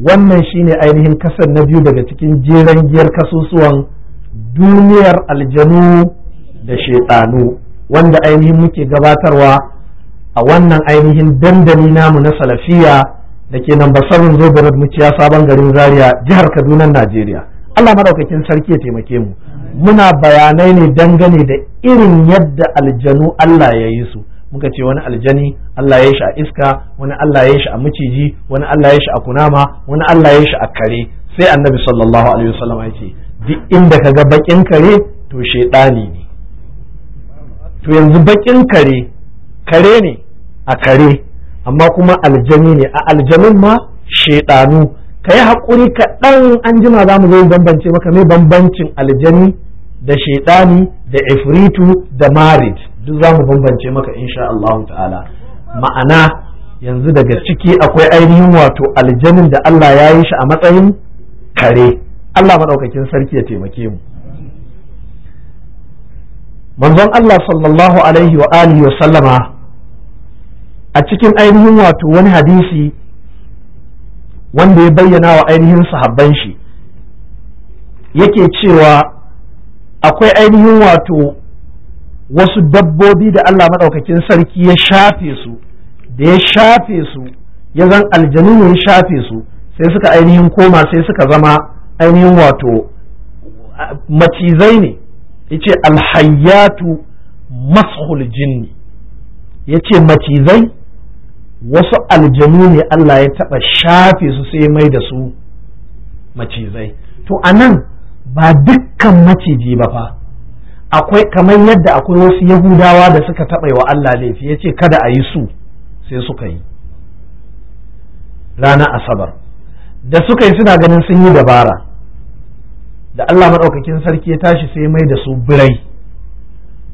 wannan shine ainihin kasar na biyu daga cikin jeren giyar kasusuwan duniyar aljanu da shaidanu wanda ainihin muke gabatarwa a wannan ainihin dandali namu na salafiya da ke nan basarin zobarar muciya sabon garin zaria jihar kaduna najeriya allah maɗaukakin sarki ya taimake mu muna bayanai ne dangane da irin yadda aljanu allah ya yi su muka ce wani aljani Allah ya shi a iska wani Allah ya shi a maciji wani Allah ya shi a kunama wani Allah ya shi a kare sai annabi sallallahu alaihi wasallam ya ce duk inda ka ga bakin kare to shedani ne to yanzu bakin kare kare ne a kare amma kuma aljani ne a aljanin ma shedanu ka yi haƙuri kaɗan an jima za mu zo bambance maka mai bambancin aljani da shedani da ifritu da marid duk za mu bambance maka insha Allah ta'ala ma'ana yanzu daga ciki akwai ainihin wato aljanin da Allah ya yi shi a matsayin kare Allah maɗaukakin sarki ya taimake mu manzon Allah sallallahu alaihi wa alihi wa sallama a cikin ainihin wato wani hadisi wanda ya bayyana wa ainihin sahabban shi yake cewa akwai ainihin wato wasu dabbobi da Allah maɗaukakin sarki ya shafe su da ya shafe su ya zan aljanu ya shafe su sai suka ainihin koma sai suka zama ainihin wato macizai ne yace alhayyatu mashul jinni yace macizai wasu aljanu ne Allah ya taɓa shafe su sai mai da su macizai to anan ba dukkan maciji ba fa akwai kamar yadda akwai wasu yahudawa da suka taɓa wa Allah laifi ya ce kada a yi su sai suka yi rana asabar da suka yi suna ganin sun yi dabara da Allah maɗaukakin sarki ya tashi sai mai da su birai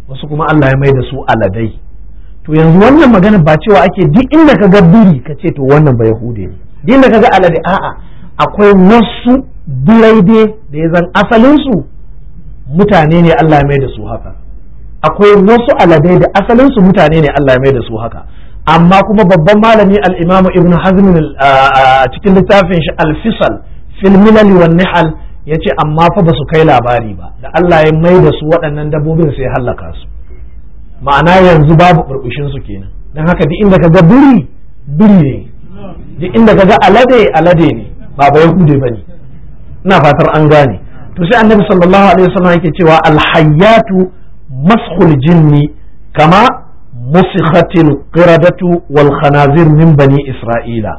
wasu kuma Allah ya mai da su aladai to yanzu wannan magana ba cewa ake duk inda ka ga biri ka ce to wannan ba yahude ne duk inda ka ga alade a'a akwai wasu birai dai da ya zan asalinsu mutane ne Allah mai da su haka akwai wasu aladai da asalin su mutane ne Allah mai da su haka amma kuma babban malami al-Imam Ibn Hazm a cikin littafin shi al-Fisal fil milal wan nihal yace amma fa ba su kai labari ba da Allah ya mai da su waɗannan dabbobin sai halaka su ma'ana yanzu babu burbushin su kenan dan haka duk inda kaga biri biri ne duk inda kaga alade alade ne ba ba yahude bane ina fatar an gane to sai annabi sallallahu alaihi wasallam yake cewa alhayyatu maskhul jinni kama musikhatil qiradatu wal khanazir min bani isra'ila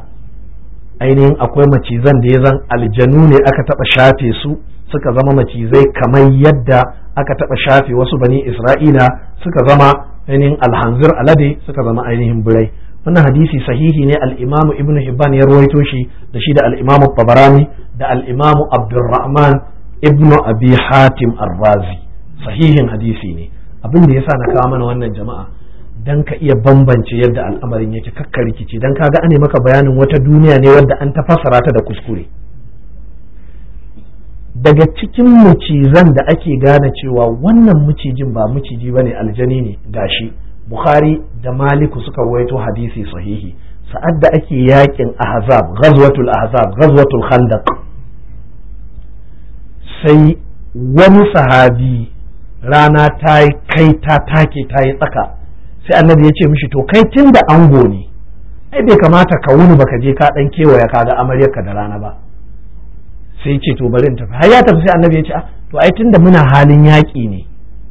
ainihin akwai macizan da ya zan aljanu ne aka taba shafe su suka zama macizai kamar yadda aka taba shafe wasu bani isra'ila suka zama ainihin alhanzir alade suka zama ainihin birai wannan hadisi sahihi ne al-imamu ibnu hibban ya rawaito shi da shi da al-imamu tabarani da al-imamu abdurrahman ibn abi hatim arrazi sahihin hadisi ne abin da yasa na kawo mana wannan jama'a dan ka iya bambance yadda al'amarin yake kakka rikici dan kaga ane maka bayanin wata duniya ne wadda an ta rata ta da kuskure daga cikin mucizan da ake gane cewa wannan mucijin ba muciji bane aljani ne gashi bukhari da maliku suka ruwaito hadisi sahihi sa'ad da ake yakin ahzab ghazwatul ahzab ghazwatul khandaq sai wani sahabi rana ta yi kai ta take ta yi tsaka sai annabi ya ce mishi to kai tun da ango ne ai bai kamata ka wuni ka je ka dan kewaya ka ga amaryarka da rana ba sai ce to bari in tafi har ya tafi sai annabi ya ce ah, to ai tun da muna halin yaƙi ne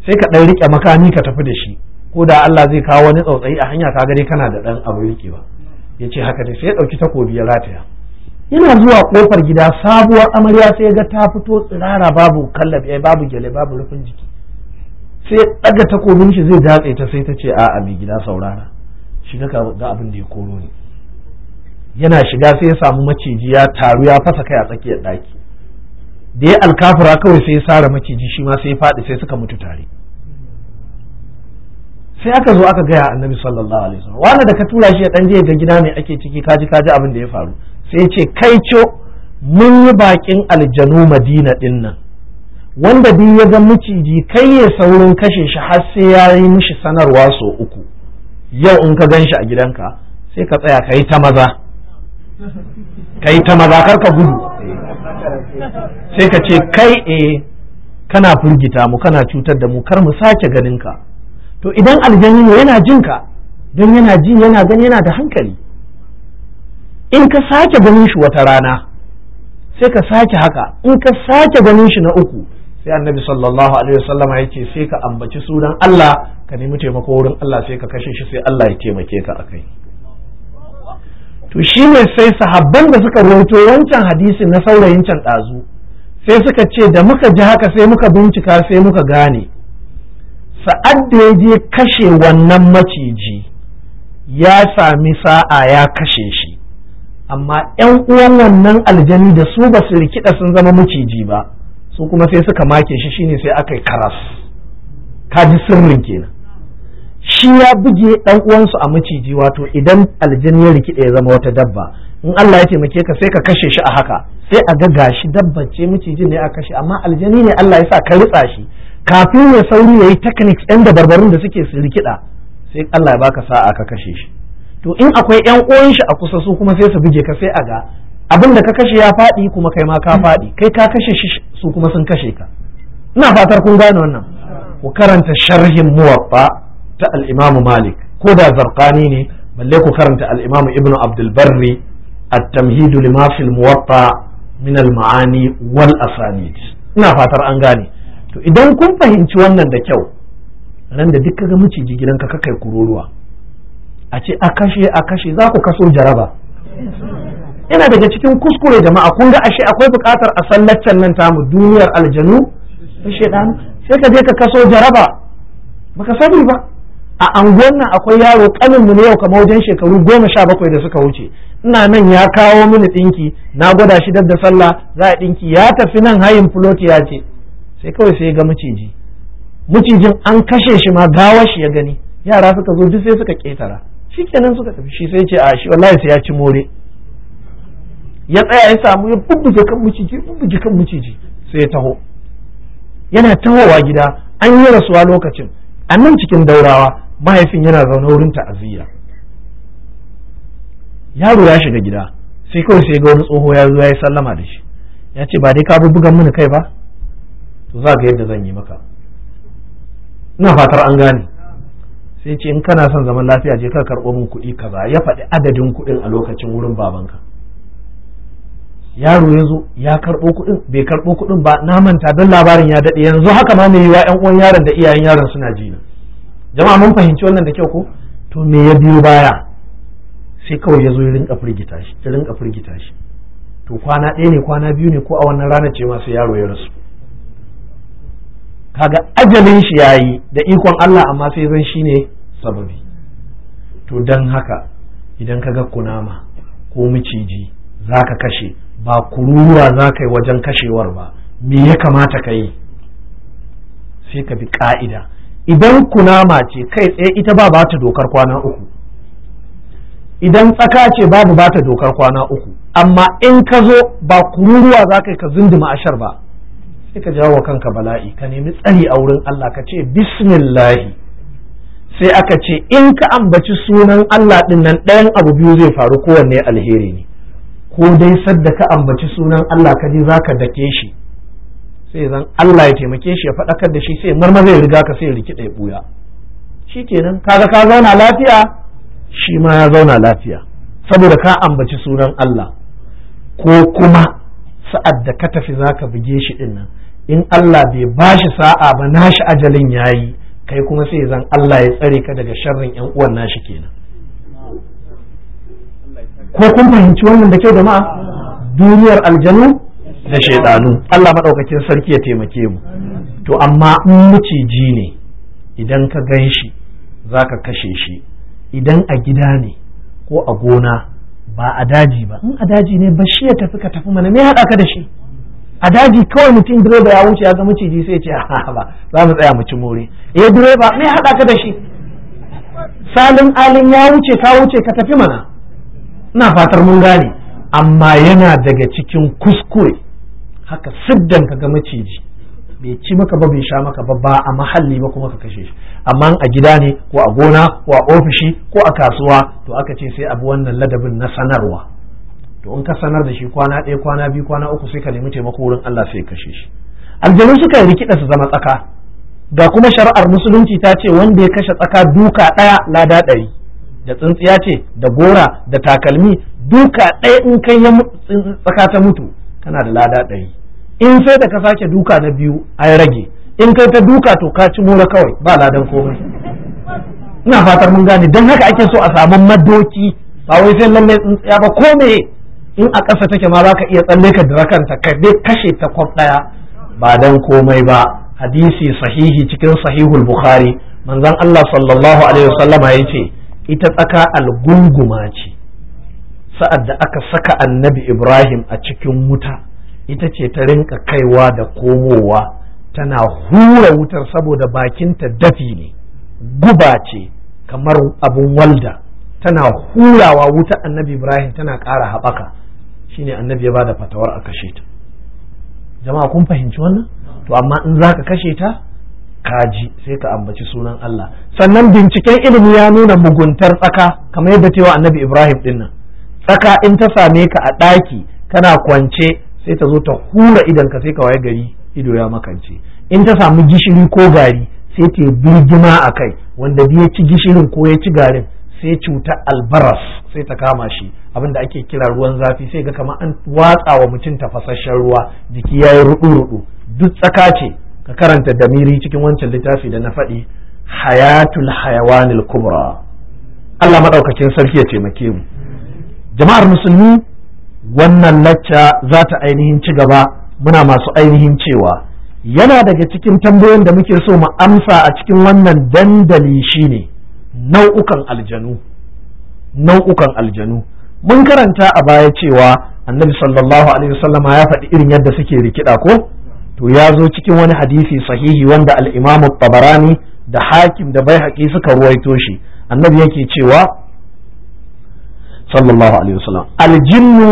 sai ka dan rike makami ka tafi da shi ko da Allah zai kawo wani tsautsayi a hanya ka gare kana da dan abu rikewa ya ce haka ne sai ya ɗauki takobi ya rataya yana zuwa kofar gida sabuwar amarya sai ga ta fito tsirara babu ya eh, babu gele babu rufin jiki sai daga takobin shi zai datse ta sai ta ce a'a mai gida saurara shiga ga abin da ya koro ne yana shiga sai ya samu maciji ya taru ya fasa kai a tsakiyar daki da ya alkafura kawai sai ya sare maciji shi ma sai ya faɗi sai suka mutu tare sai aka zo aka gaya annabi sallallahu alaihi wasallam wanda da ka tura shi ya dan je ga gida mai ake ciki kaji kaji abin da ya faru sai ce kai co mun yi bakin aljanu madina din nan wanda biyu ya ga miciji kai ya saurin kashe shi har sai ya yi mishi sanarwa sau uku yau in ka gan shi a gidanka sai ka tsaya ka yi ta maza ka yi ta maza kar ka gudu sai ka ce kai eh kana firgita mu kana cutar da mu kar mu sake ganin ka to idan aljanu ne yana jin ka don yana ji yana gani yana da hankali in ka sake ganin shi wata rana sai ka sake haka in ka sake ganin shi na uku sai annabi sallallahu alaihi wasallama ya ce sai ka ambaci sunan Allah ka nemi taimako wurin Allah sai ka kashe shi sai Allah ya taimake ka akai to shi ne sai sahabban da suka rawaito wancan hadisi na saurayin can ɗazu sai suka ce da muka ji haka sai muka bincika sai muka gane sa'ad da ya je kashe wannan maciji ya sami sa'a ya kashe shi amma yan uwan wannan aljani da su ba su rikida sun zama maciji ba su kuma sai suka make shi shine sai aka yi karas ji sirrin kenan shi ya buge dan uwansu a maciji wato idan aljani ya rikida ya zama wata dabba in Allah ya taimake ka sai ka kashe shi a haka sai a ga gashi dabba ce macijin ne a kashe amma aljani ne Allah ya sa ka ritsa shi kafin ya sauri ya yi techniques ɗan dabarbarun da suke su rikida sai Allah ya baka sa'a ka kashe shi to in akwai yan uwan shi a kusa su kuma sai su buge ka sai a ga abin da ka kashe ya faɗi kuma kai ma ka hmm. faɗi kai ka kashe shi su kuma sun kashe ka ina fatar kun gane wannan ku karanta sharhin muwaffa ta al-Imam Malik ko da zarqani ne balle ku karanta al-Imam Ibn Abdul Barri at-Tamhid lima muwaffa min al-ma'ani wal asanid ina fatar an gane to idan kun fahimci wannan da kyau ran da duk kaga miciji gidanka kai kururuwa a ce a kashe a kashe za ku kaso jaraba ina daga cikin kuskure jama'a kun ga ashe akwai bukatar a sallaccen nan tamu duniyar aljanu ta sai ka je ka kaso jaraba baka sani ba a anguwan nan akwai yaro kanin mu ne yau kamar wajen shekaru goma sha bakwai da suka wuce ina nan ya kawo mini ɗinki na gwada shi da sallah za a ɗinki ya tafi nan hayin fuloti ya ce sai kawai sai ga maciji macijin an kashe shi ma gawar shi ya gani yara suka zo duk sai suka ƙetara shi kenan suka tafi shi sai ce a shi wallahi sai ya ci more ya tsaya ya samu ya bubbuge kan miciji bubbuge kan miciji sai ya taho yana tahowa gida an yi rasuwa lokacin a nan cikin daurawa mahaifin yana zaune wurin ta'aziyya yaro ya shiga gida sai kawai sai ga wani tsoho ya zo ya yi sallama da shi ya ce ba dai ka bugan mini kai ba to za ga yadda zan yi maka ina fatar an gane sai ce in kana son zaman lafiya je ka karɓo min kuɗi kaza ya faɗi adadin kuɗin a lokacin wurin babanka yaro ya zo ya karɓo kuɗin bai karɓo kuɗin ba na manta don labarin ya daɗe yanzu haka ma mai yiwa ƴan uwan yaron da iyayen yaron suna ji na jama'a mun fahimci wannan da kyau ko to me ya biyo baya sai kawai ya zo ya rinka firgita shi ya rinka firgita shi to kwana ɗaya ne kwana biyu ne ko a wannan ranar ce masu yaro ya rasu kaga ajalin shi yayi da ikon Allah amma sai zan shine sababi to don haka idan ka ga kunama ko miciji za ka kashe ba kururuwa za ka yi wajen kashewar ba me ya kamata ka yi sai ka bi ka'ida idan kunama ce kai tsaye ita ba ba ta dokar kwana uku idan tsaka ce babu ba ta dokar kwana uku amma in ka zo ba kururuwa za ka yi ka zunduma ashar ba sai ka jawo kanka bala'i ka nemi tsari a wurin Allah ka ce bismillahi sai aka ce in ka ambaci sunan Allah ɗin nan ɗayan abu biyu zai faru kowanne alheri ne ko dai sadda ka ambaci sunan Allah ka ji zaka dake shi sai zan Allah ya taimake shi ya faɗakar da shi sai marma zai riga ka sai rikida ya buya shikenan kaga ka zauna lafiya shi ma ya zauna lafiya saboda ka ambaci sunan Allah ko kuma sa'ad da ka tafi zaka buge shi ɗin nan in Allah bai bashi sa'a ba nashi ajalin yayi kai kuma sai zan Allah ya tsare ka daga sharrin yan uwan nashi kenan ko kun fahimci wannan da kyau jama'a duniyar aljanu da shaidanu Allah madaukakin sarki ya taimake mu to amma in maciji ne idan ka gan shi za kashe shi idan a gida ne ko a gona ba a daji ba in a daji ne ba shi ya tafi ka tafi mana me haɗa ka da shi a daji kawai mutum direba ya wuce ya ga maciji sai ce a ba za mu tsaya mu ci more eh direba me haɗa ka da shi salin alin ya wuce ka wuce ka tafi mana ina fatar mun gane amma yana daga cikin kuskure haka siddan ka ga maciji bai ci maka ba bai sha maka ba ba a mahalli ba kuma ka kashe shi amma a gida ne ko a gona ko a ofishi ko a kasuwa to aka ce sai abu wannan ladabin na sanarwa to in ka sanar da shi kwana ɗaya kwana biyu kwana uku sai ka nemi taimako wurin Allah sai kashe shi aljanu suka yi rikida su zama tsaka ga kuma shari'ar musulunci ta ce wanda ya kashe tsaka duka ɗaya lada ɗari da tsintsiya ce da gora da takalmi duka ɗaya in kai ya tsaka ta mutu kana da lada ɗari in sai da ka sake duka na biyu ai rage in kai ta duka to ka ci mura kawai ba ladan komai ina fatar mun gane don haka ake so a samu madoki ba wai sai lallai tsintsiya ba ko me in a ƙasa take ma zaka iya tsalle ka kanta ka dai kashe ta kwaf ɗaya ba dan komai ba hadisi sahihi cikin sahihul bukhari manzon Allah sallallahu alaihi wasallama yace ita tsaka algunguma ce sa'ad da aka saka annabi Ibrahim a cikin wuta ita ce ta rinka kaiwa da komowa tana hura wutar saboda bakinta dafi ne guba ce kamar abun walda tana hurawa wuta annabi ibrahim tana ƙara haɓaka shine annabi ya bada fatawar a kashe ta jama'a kun fahimci wannan to amma in za ka kashe ta kaji sai ka ambaci sunan Allah sannan binciken ilimi ya nuna muguntar tsaka kamar yadda cewa annabi Ibrahim din nan tsaka in ta same ka a ɗaki kana kwance sai ta zo ta hura idan ka sai ka waye gari ido ya makance in ta samu gishiri ko gari sai ta yi birgima a kai wanda bi ya ci gishirin ko ya ci garin sai cuta albaras sai ta kama shi abin da ake kira ruwan zafi sai ga kamar an watsa wa mutum tafasasshen ruwa jiki ya yi ruɗu rudu duk tsaka ce ka karanta damiri cikin wancan littafi da na faɗi hayatul hayawanil kubra Allah maɗaukacin sarki ya taimake mu jama'ar musulmi wannan lacca za ta ainihin ci gaba muna masu ainihin cewa yana daga cikin tambayoyin da muke so mu amsa a cikin wannan dandali shine nau'ukan aljanu nau'ukan aljanu mun karanta a baya cewa annabi sallallahu alaihi wasallama ya faɗi irin yadda suke rikida ko to ya zo cikin wani hadisi sahihi wanda al-imam tabarani da hakim da baihaqi suka ruwaito shi annabi yake cewa sallallahu alaihi wasallam aljinnu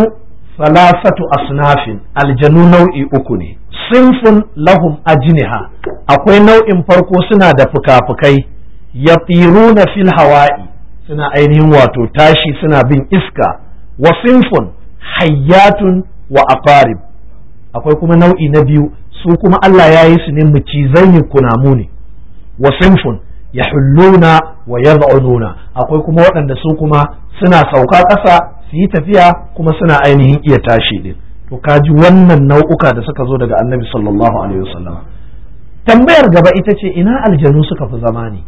thalathatu asnafin aljanu nau'i uku ne sinfun lahum ajniha akwai nau'in farko suna da fuka-fukai yatiruna fil hawa'i suna ainihin wato tashi suna bin iska wa sinfun hayyatun wa aqarib akwai kuma nau'i na biyu su kuma Allah ya yi su ne mucizai ne kunamu ne wa sinfun yahulluna wa yad'ununa akwai kuma waɗanda su kuma suna sauka ƙasa su yi tafiya kuma suna ainihin iya tashi din to kaji wannan nau'uka da suka zo daga annabi sallallahu alaihi wasallam tambayar gaba ita ce ina aljanu suka fi zama ne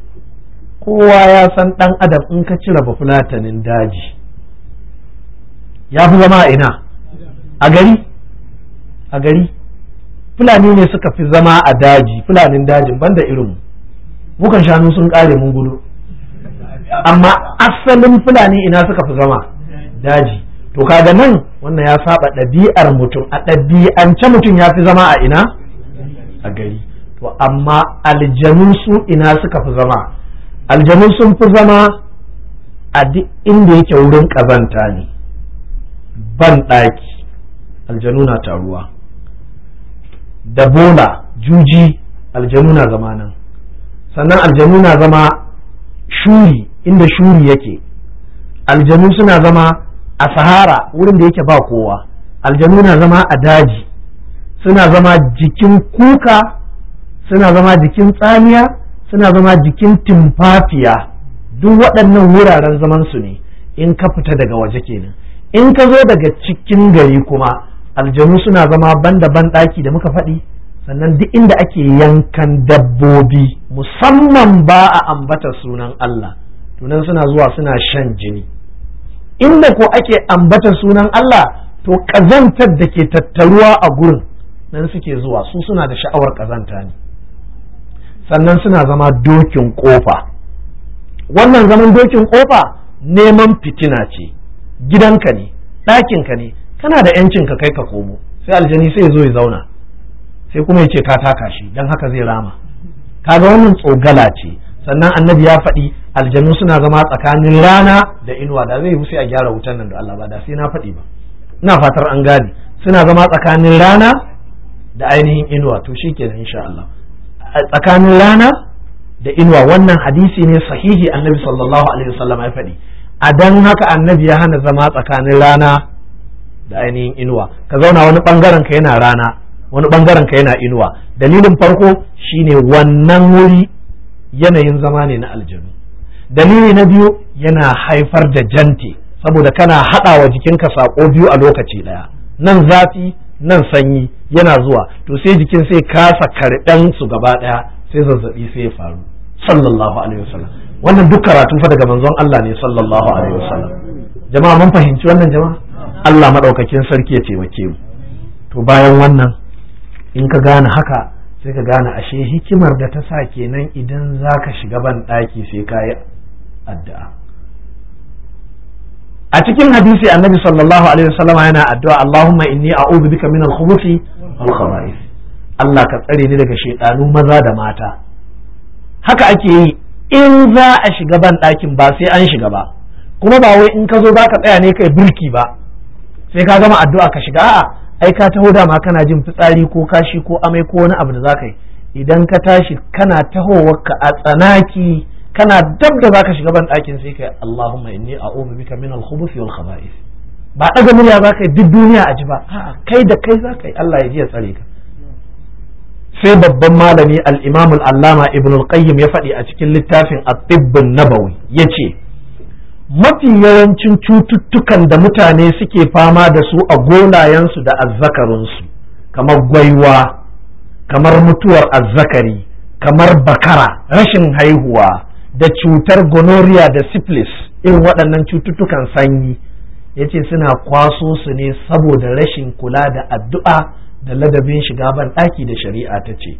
kowa ya san ɗan adam in ka cire bafulatanin daji ya fi zama a ina a gari a gari fulani ne suka fi zama a daji fulanin dajin banda irin mukan shanu sun kare mun gudu amma asalin fulani ina suka fi zama daji to kaga nan wannan ya saba ɗabi'ar mutum a ɗabi'ance mutum ya fi zama a ina a gari to amma aljanu su ina suka fi zama aljanu sun fi zama a duk inda yake wurin ƙazanta ne ban ɗaki aljanu na taruwa da bola juji aljanu na zama nan sannan aljanu na zama shuri inda shuri yake aljanu suna zama a sahara wurin da yake ba kowa aljanu na zama a daji suna zama jikin kuka suna zama jikin tsamiya suna zama jikin timfafiya duk waɗannan wuraren zaman su ne in ka fita daga waje kenan in ka zo daga cikin gari kuma aljanu suna zama banda ban ɗaki da muka faɗi sannan duk inda ake yankan dabbobi musamman ba a ambata sunan Allah tunan suna zuwa suna shan jini inda ko ake ambata sunan Allah to ƙazantar da ke tattaruwa a gurin nan suke zuwa su suna da sha'awar ƙazanta ne sannan suna zama dokin ƙofa, wannan zaman dokin ƙofa neman fitina ce gidanka ne ɗakinka ne kana da yancin ka kai ka komo sai aljani sai zo ya zauna sai kuma ya ce ka taka shi don haka zai rama kaga wannan tsogala ce sannan annabi ya faɗi aljanu suna zama tsakanin rana da inuwa da zai sai a gyara wutan nan da Allah ba da sai na faɗi ba ina fatar an gane suna zama tsakanin rana da ainihin inuwa to shi shikenan insha Allah tsakanin rana da inuwa wannan hadisi ne sahihi annabi sallallahu alaihi wasallam ya faɗi a dan haka annabi ya hana zama tsakanin rana da ainihin inuwa ka zauna wani bangaren ka yana rana wani bangaren ka yana inuwa dalilin farko shine wannan wuri yanayin zama ne na aljanu dalili na biyu yana haifar da jante saboda kana haɗa wa jikinka sako biyu a lokaci ɗaya nan zafi nan sanyi yana zuwa to sai jikin sai kasa karɓen su gaba ɗaya sai zazzaɓi, sai ya faru sallallahu alaihi wasallam wannan duk karatu fa daga manzon Allah ne sallallahu alaihi wasallam jama'a mun fahimci wannan jama'a Allah madaukakin sarki ya taimake mu to bayan wannan in ka gane haka sai ka gane ashe hikimar da ta sa kenan idan zaka shiga ban ɗaki sai ka yi addu'a a cikin hadisi annabi sallallahu alaihi wasallam yana addu'a Allahumma inni a'udhu bika min al-khubuthi wal khaba'ith Allah ka tsare ni daga shaytanu maza da mata haka ake yi in za a shiga ban ɗakin ba sai an shiga ba kuma ba wai in ka zo zaka tsaya ne kai birki ba sai ka gama addu'a ka shiga a'a ai ka taho dama kana jin fitsari ko kashi ko amai ko wani abu da zaka yi idan ka tashi kana ka a tsanaki kana dab da zaka shiga ban ɗakin sai kai Allahumma inni a'udhu bika min al-khubuth wal khaba'ith ba daga murya ba kai duk duniya a ji ba a'a kai da kai za yi Allah ya ji ya tsare ka sai babban malami al-Imam al-Allama Ibn al-Qayyim ya faɗi a cikin littafin at-Tibb an-Nabawi yace mafi yawancin cututtukan da mutane suke fama da su a gonayensu da azzakarunsu kamar gwaiwa kamar mutuwar azzakari kamar bakara rashin haihuwa da cutar gonorrhea da syphilis irin waɗannan cututtukan sanyi yace suna kwaso su ne saboda rashin kula da addu'a da ladabin shiga ban ɗaki da shari'a ta ce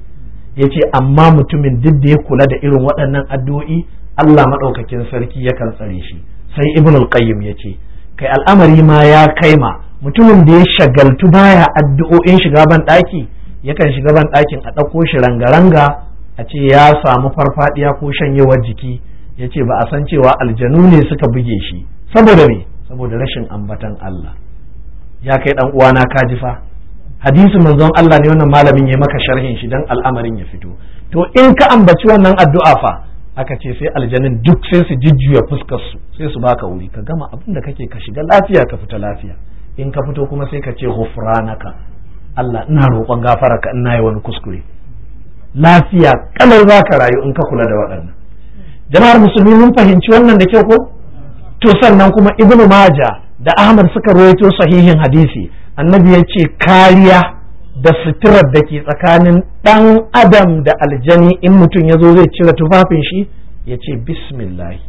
yace amma mutumin duk da ya kula da irin waɗannan addu'o'i Allah maɗaukakin sarki yakan tsare shi sai ibnul qayyim ce. kai al'amari ma ya kai ma mutumin da ya shagaltu baya addu'o'in shiga ban ɗaki yakan shiga ban ɗakin a ɗauko shi ranga-ranga a ce ya samu farfadiya ko shanyewar jiki ya ce ba a san cewa aljanu ne suka buge shi saboda me saboda rashin ambatan Allah ya kai dan uwana ka ji fa hadisi manzon Allah ne wannan malamin ya maka sharhin shi dan al'amarin ya fito to in ka ambaci wannan addu'a fa aka ce sai aljanin duk sai su jujjuya fuskar su sai su baka wuri ka gama abin da kake ka shiga lafiya ka fita lafiya in ka fito kuma sai ka ce ghufranaka Allah ina roƙon gafararka ina yi wani kuskure lafiya kalar za ka rayu in ka kula da waɗannan jama'ar musulmi mun fahimci wannan da kyau ko to sannan kuma ibnu maja da ahmad suka rawaito sahihin hadisi annabi ya ce kariya da suturar da ke tsakanin ɗan adam da aljani in mutum ya zo zai cire tufafin shi ya ce bismillahi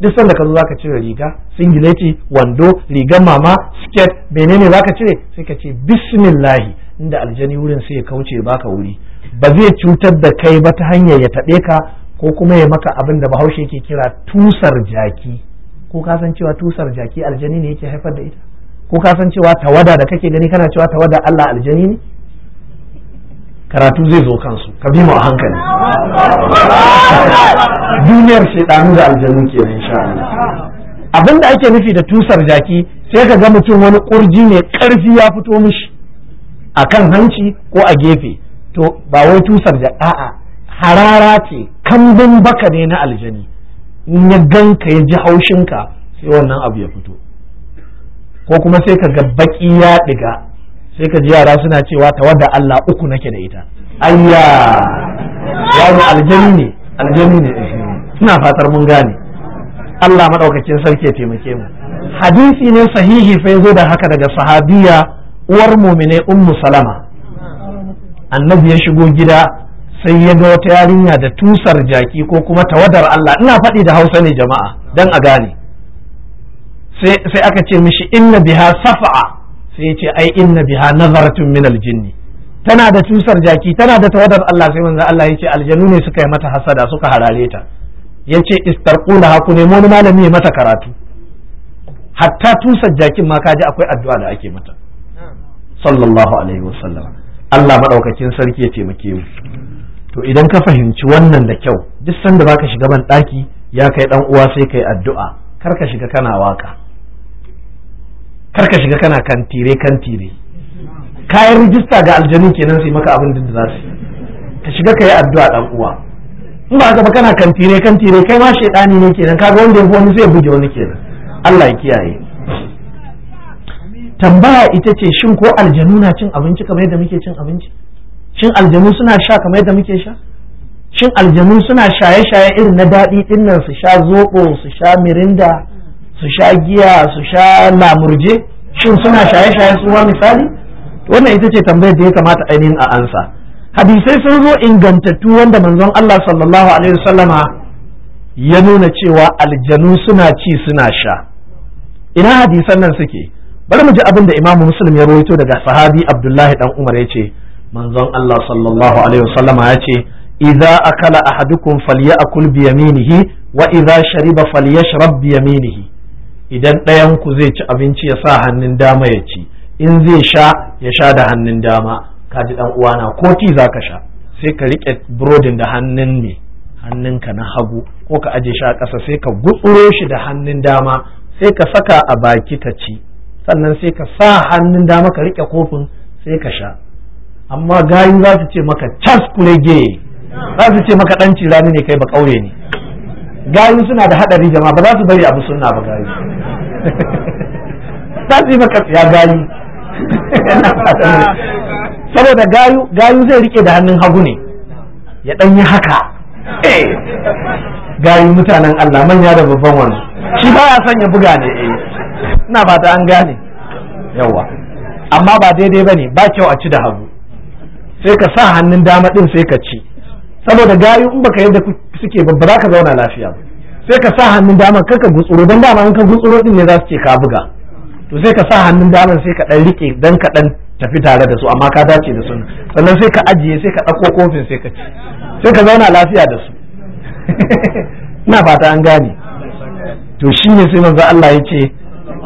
duk sanda ka zo za ka cire riga singileti wando rigar mama siket menene ka cire sai ka ce bismillahi inda aljani wurin sai ya kauce baka wuri ba zai cutar da kai ba ta hanyar ya taɓe ka ko kuma ya maka abin da bahaushe ke kira tusar jaki ko ka san cewa tusar jaki aljani ne yake haifar da ita ko ka san cewa tawada da kake gani kana cewa tawada Allah aljani ne karatu zai zo kansu ka bi mu a hankali duniyar shaitanu da aljanu ke nan sha abin da ake nufi da tusar jaki sai ka ga mutum wani kurji mai karfi ya fito mishi a kan hanci ko a gefe to ba wai tusar da a'a harara ce kambin baka ne na aljani in ya ganka ya ji haushinka sai wannan abu ya fito ko kuma sai ka ga baki ya diga sai ka ji yara suna cewa tawadda Allah uku nake da ita ayya wani aljani ne aljani ne ina fatar mun gane Allah madaukakin sarki ya taimake mu hadisi ne sahihi fa yazo da haka daga sahabiya uwar mumine ummu salama annabi ya shigo gida sai ya ga wata yarinya da tusar jaki ko kuma tawadar Allah ina faɗi da hausa ne jama'a dan a gane sai aka ce mishi inna biha safa'a sai ya ce ai inna biha nazaratun min aljinni tana da tusar jaki tana da tawadar Allah sai manzo Allah ya ce aljanu ne suka yi mata hasada suka harare ta yace istarquna haku ne mu malami ya mata karatu hatta tusar jakin ma kaji akwai addu'a da ake mata sallallahu alaihi wasallam Allah maɗaukakin sarki ya taimake mu to idan ka fahimci wannan da kyau duk sanda baka shiga ban ɗaki ya kai ɗan uwa sai kai addu'a kar ka shiga kana waka kar ka shiga kana kantire kantire kayan rijista ga aljanu kenan sai maka abin da za su ka shiga kai addu'a ɗan uwa in ba ka kana kantire kantire kai ma shaidani ne kenan kaga wanda ya wani zai buge wani kenan Allah ya kiyaye tambaya ita ce shin ko aljanu na cin abinci kamar yadda muke cin abinci shin aljanu suna sha kamar yadda muke sha shin aljanu suna shaye-shaye irin na daɗi dinnan su sha zoɓo su sha mirinda su sha giya su sha lamurje shin suna shaye-shaye su ma misali wannan ita ce tambayar da ya kamata ainihin a ansa hadisai sun zo ingantattu wanda manzon Allah sallallahu alaihi wasallama ya nuna cewa aljanu suna ci suna sha ina hadisan nan suke bari mu ji abin da imamu muslim ya rawaito daga sahabi abdullahi ɗan umar ya ce, manzon Allah sallallahu alaihi wasallama kala idza akala ahadukum falyakul bi yaminihi wa idza shariba falyashrab bi yaminihi idan ɗayan ku zai ci abinci ya sa hannun dama ya ci in zai sha ya sha da hannun dama ka ji dan uwana ko ti zaka sha sai ka rike burodin da hannun ne hannunka na hagu ko ka aje sha ƙasa sai ka gutsuro shi da hannun dama sai ka saka a baki ka ci sannan sai ka sa hannun dama ka rike kofin sai ka sha amma gayu za su ce maka cas kurege za su ce maka ɗanci rani ne kai ba kauye ne gayu suna da hadari jama'a ba za su bari abu sunna ba gayu za su yi maka tsaya gayu saboda gayu gayu zai rike da hannun hagu ne ya dan yi haka eh. gayu mutanen Allah manya da babban wani shi ba ya son ya buga ne eh ina fata an gane yawa amma ba daidai ba ne, ba kyau a ci da hagu sai ka sa hannun dama din sai ka ci saboda gayu in baka yadda suke ba za ka zauna lafiya ba sai ka sa hannun dama ka gutsuro dan dama in ka gutsuro din ne za su ce ka buga to sai ka sa hannun dama sai ka dan rike dan ka dan tafi tare da su amma ka dace da su sannan sai ka ajiye sai ka ɗauko kofin sai ka ci sai ka zauna lafiya da su ina fata an gane to shine sai manzo Allah ya ce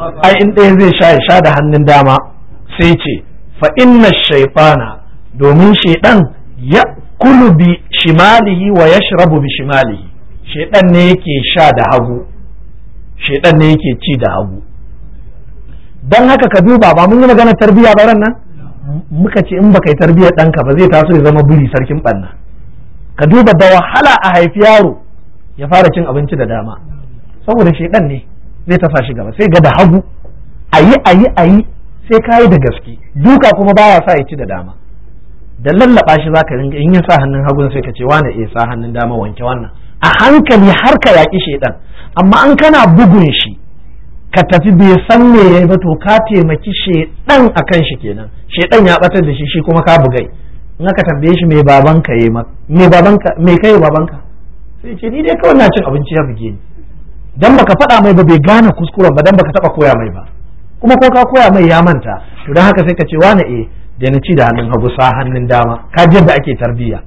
ai in ɗaya zai sha ya sha da hannun dama sai ce fa inna shaifana domin shaidan ya kulu bi shimalihi wa yashrabu bi shimalihi shaidan ne yake sha da hagu shaidan ne yake ci da hagu don haka ka duba ba mun yi magana tarbiyya ba nan muka ce in baka yi tarbiyyar ɗanka ba zai taso ya zama buri sarkin ɓanna ka duba da wahala a haifi yaro ya fara cin abinci da dama saboda shaidan ne zai tafa shi gaba sai ga da hagu A a yi, yi, a yi, sai ka yi da gaske duka kuma baya sa ya ci da dama da lallaba shi zaka ringa in ya sa hannun hagun sai ka ce wane eh sa hannun dama wanke wannan a hankali har ka yaki shedan amma an kana bugun shi ka tafi bai san me yayi ba to ka taimaki shedan akan shi kenan shedan ya batar da shi shi kuma ka bugai in aka tambaye shi me babanka yayi me babanka me kai babanka sai ce ni dai kawai na cin abinci ya buge ni dan baka faɗa mai ba bai gane kuskuren ba dan baka taɓa koya mai ba kuma ko ka koya mai ya manta to dan haka sai ka ce wane eh da na ci da hannun hagu sa hannun dama ka ji yadda ake tarbiyya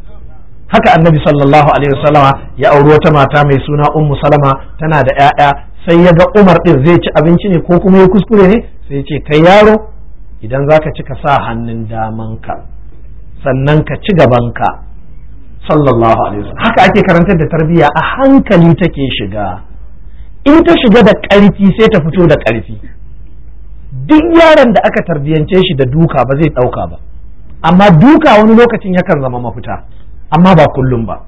haka annabi sallallahu alaihi wasallama ya auri wata mata mai suna ummu salama tana da ƴaƴa sai ya ga umar din zai ci abinci ne ko kuma ya kuskure ne sai ya ce kai yaro idan zaka ci ka sa hannun damanka sannan ka ci gabanka sallallahu alaihi wasallam haka ake karantar da tarbiyya a hankali take shiga in ta shiga da ƙarfi sai ta fito da ƙarfi duk yaron da aka tarbiyance shi da duka ba zai ɗauka ba amma duka wani lokacin yakan zama mafita amma ba kullum ba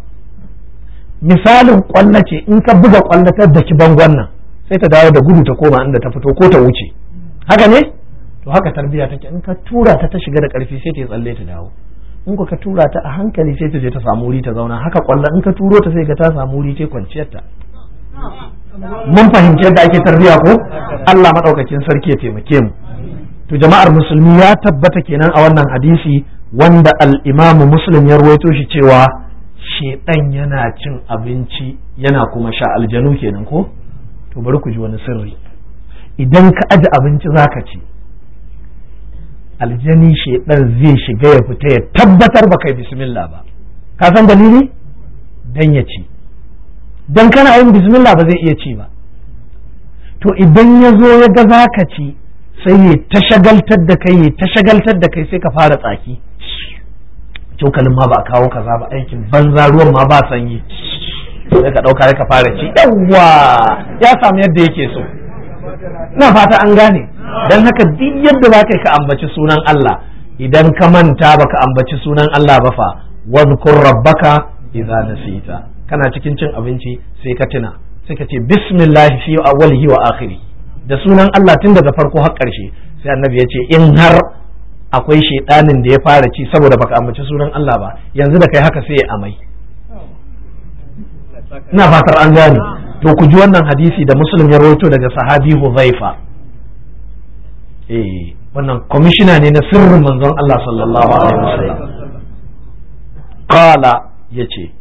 misalin ƙwallo ce in ka buga ƙwallo ta daki bangon nan sai ta dawo da gudu ta koma inda ta fito ko ta wuce haka ne to haka tarbiyya take in ka tura ta ta shiga da ƙarfi sai ta yi tsalle ta dawo in ka tura ta a hankali sai ta je ta samu wuri ta zauna haka ƙwallo in ka turo ta sai ka ta samu wuri ta kwanciyar ta mun fahimci yadda ake tarbiya ko Allah madaukakin sarki ya taimake mu to jama'ar musulmi ya tabbata kenan a wannan hadisi wanda al-imamu muslim ya ruwaito shi cewa shedan yana cin abinci yana kuma sha aljanu kenan ko to bari ku ji wani sirri idan ka aji abinci zaka ci aljani shedan zai shiga ya fita ya tabbatar ba kai bismillah ba ka san dalili dan ya ci dan kana yin bismillah ba zai iya ci ba to idan ya zo ya ga zaka ci sai ya ta shagaltar da kai ya ta shagaltar da kai sai ka fara tsaki cokalin ma ba a kawo kaza ba aikin banza ruwan ma ba sanyi sai ka ɗauka ka fara ci yawwa ya samu yadda yake so na fata an gane Dan haka duk yadda za ka ambaci sunan Allah idan ka manta baka ambaci sunan Allah ba fa wadhkur rabbaka idza nasita kana cikin cin abinci sai ka tuna sai ka ce bismillah fi awwalihi wa akhiri da sunan Allah tun daga farko har ƙarshe sai annabi ya ce in har akwai shedanin da ya fara ci saboda baka ambaci sunan Allah ba yanzu da kai haka sai ya amai ina fatar an gane to ku ji wannan hadisi da muslim ya rawaito daga sahabi Hudhaifa eh wannan kwamishina ne na sirrin manzon Allah sallallahu alaihi wasallam qala yace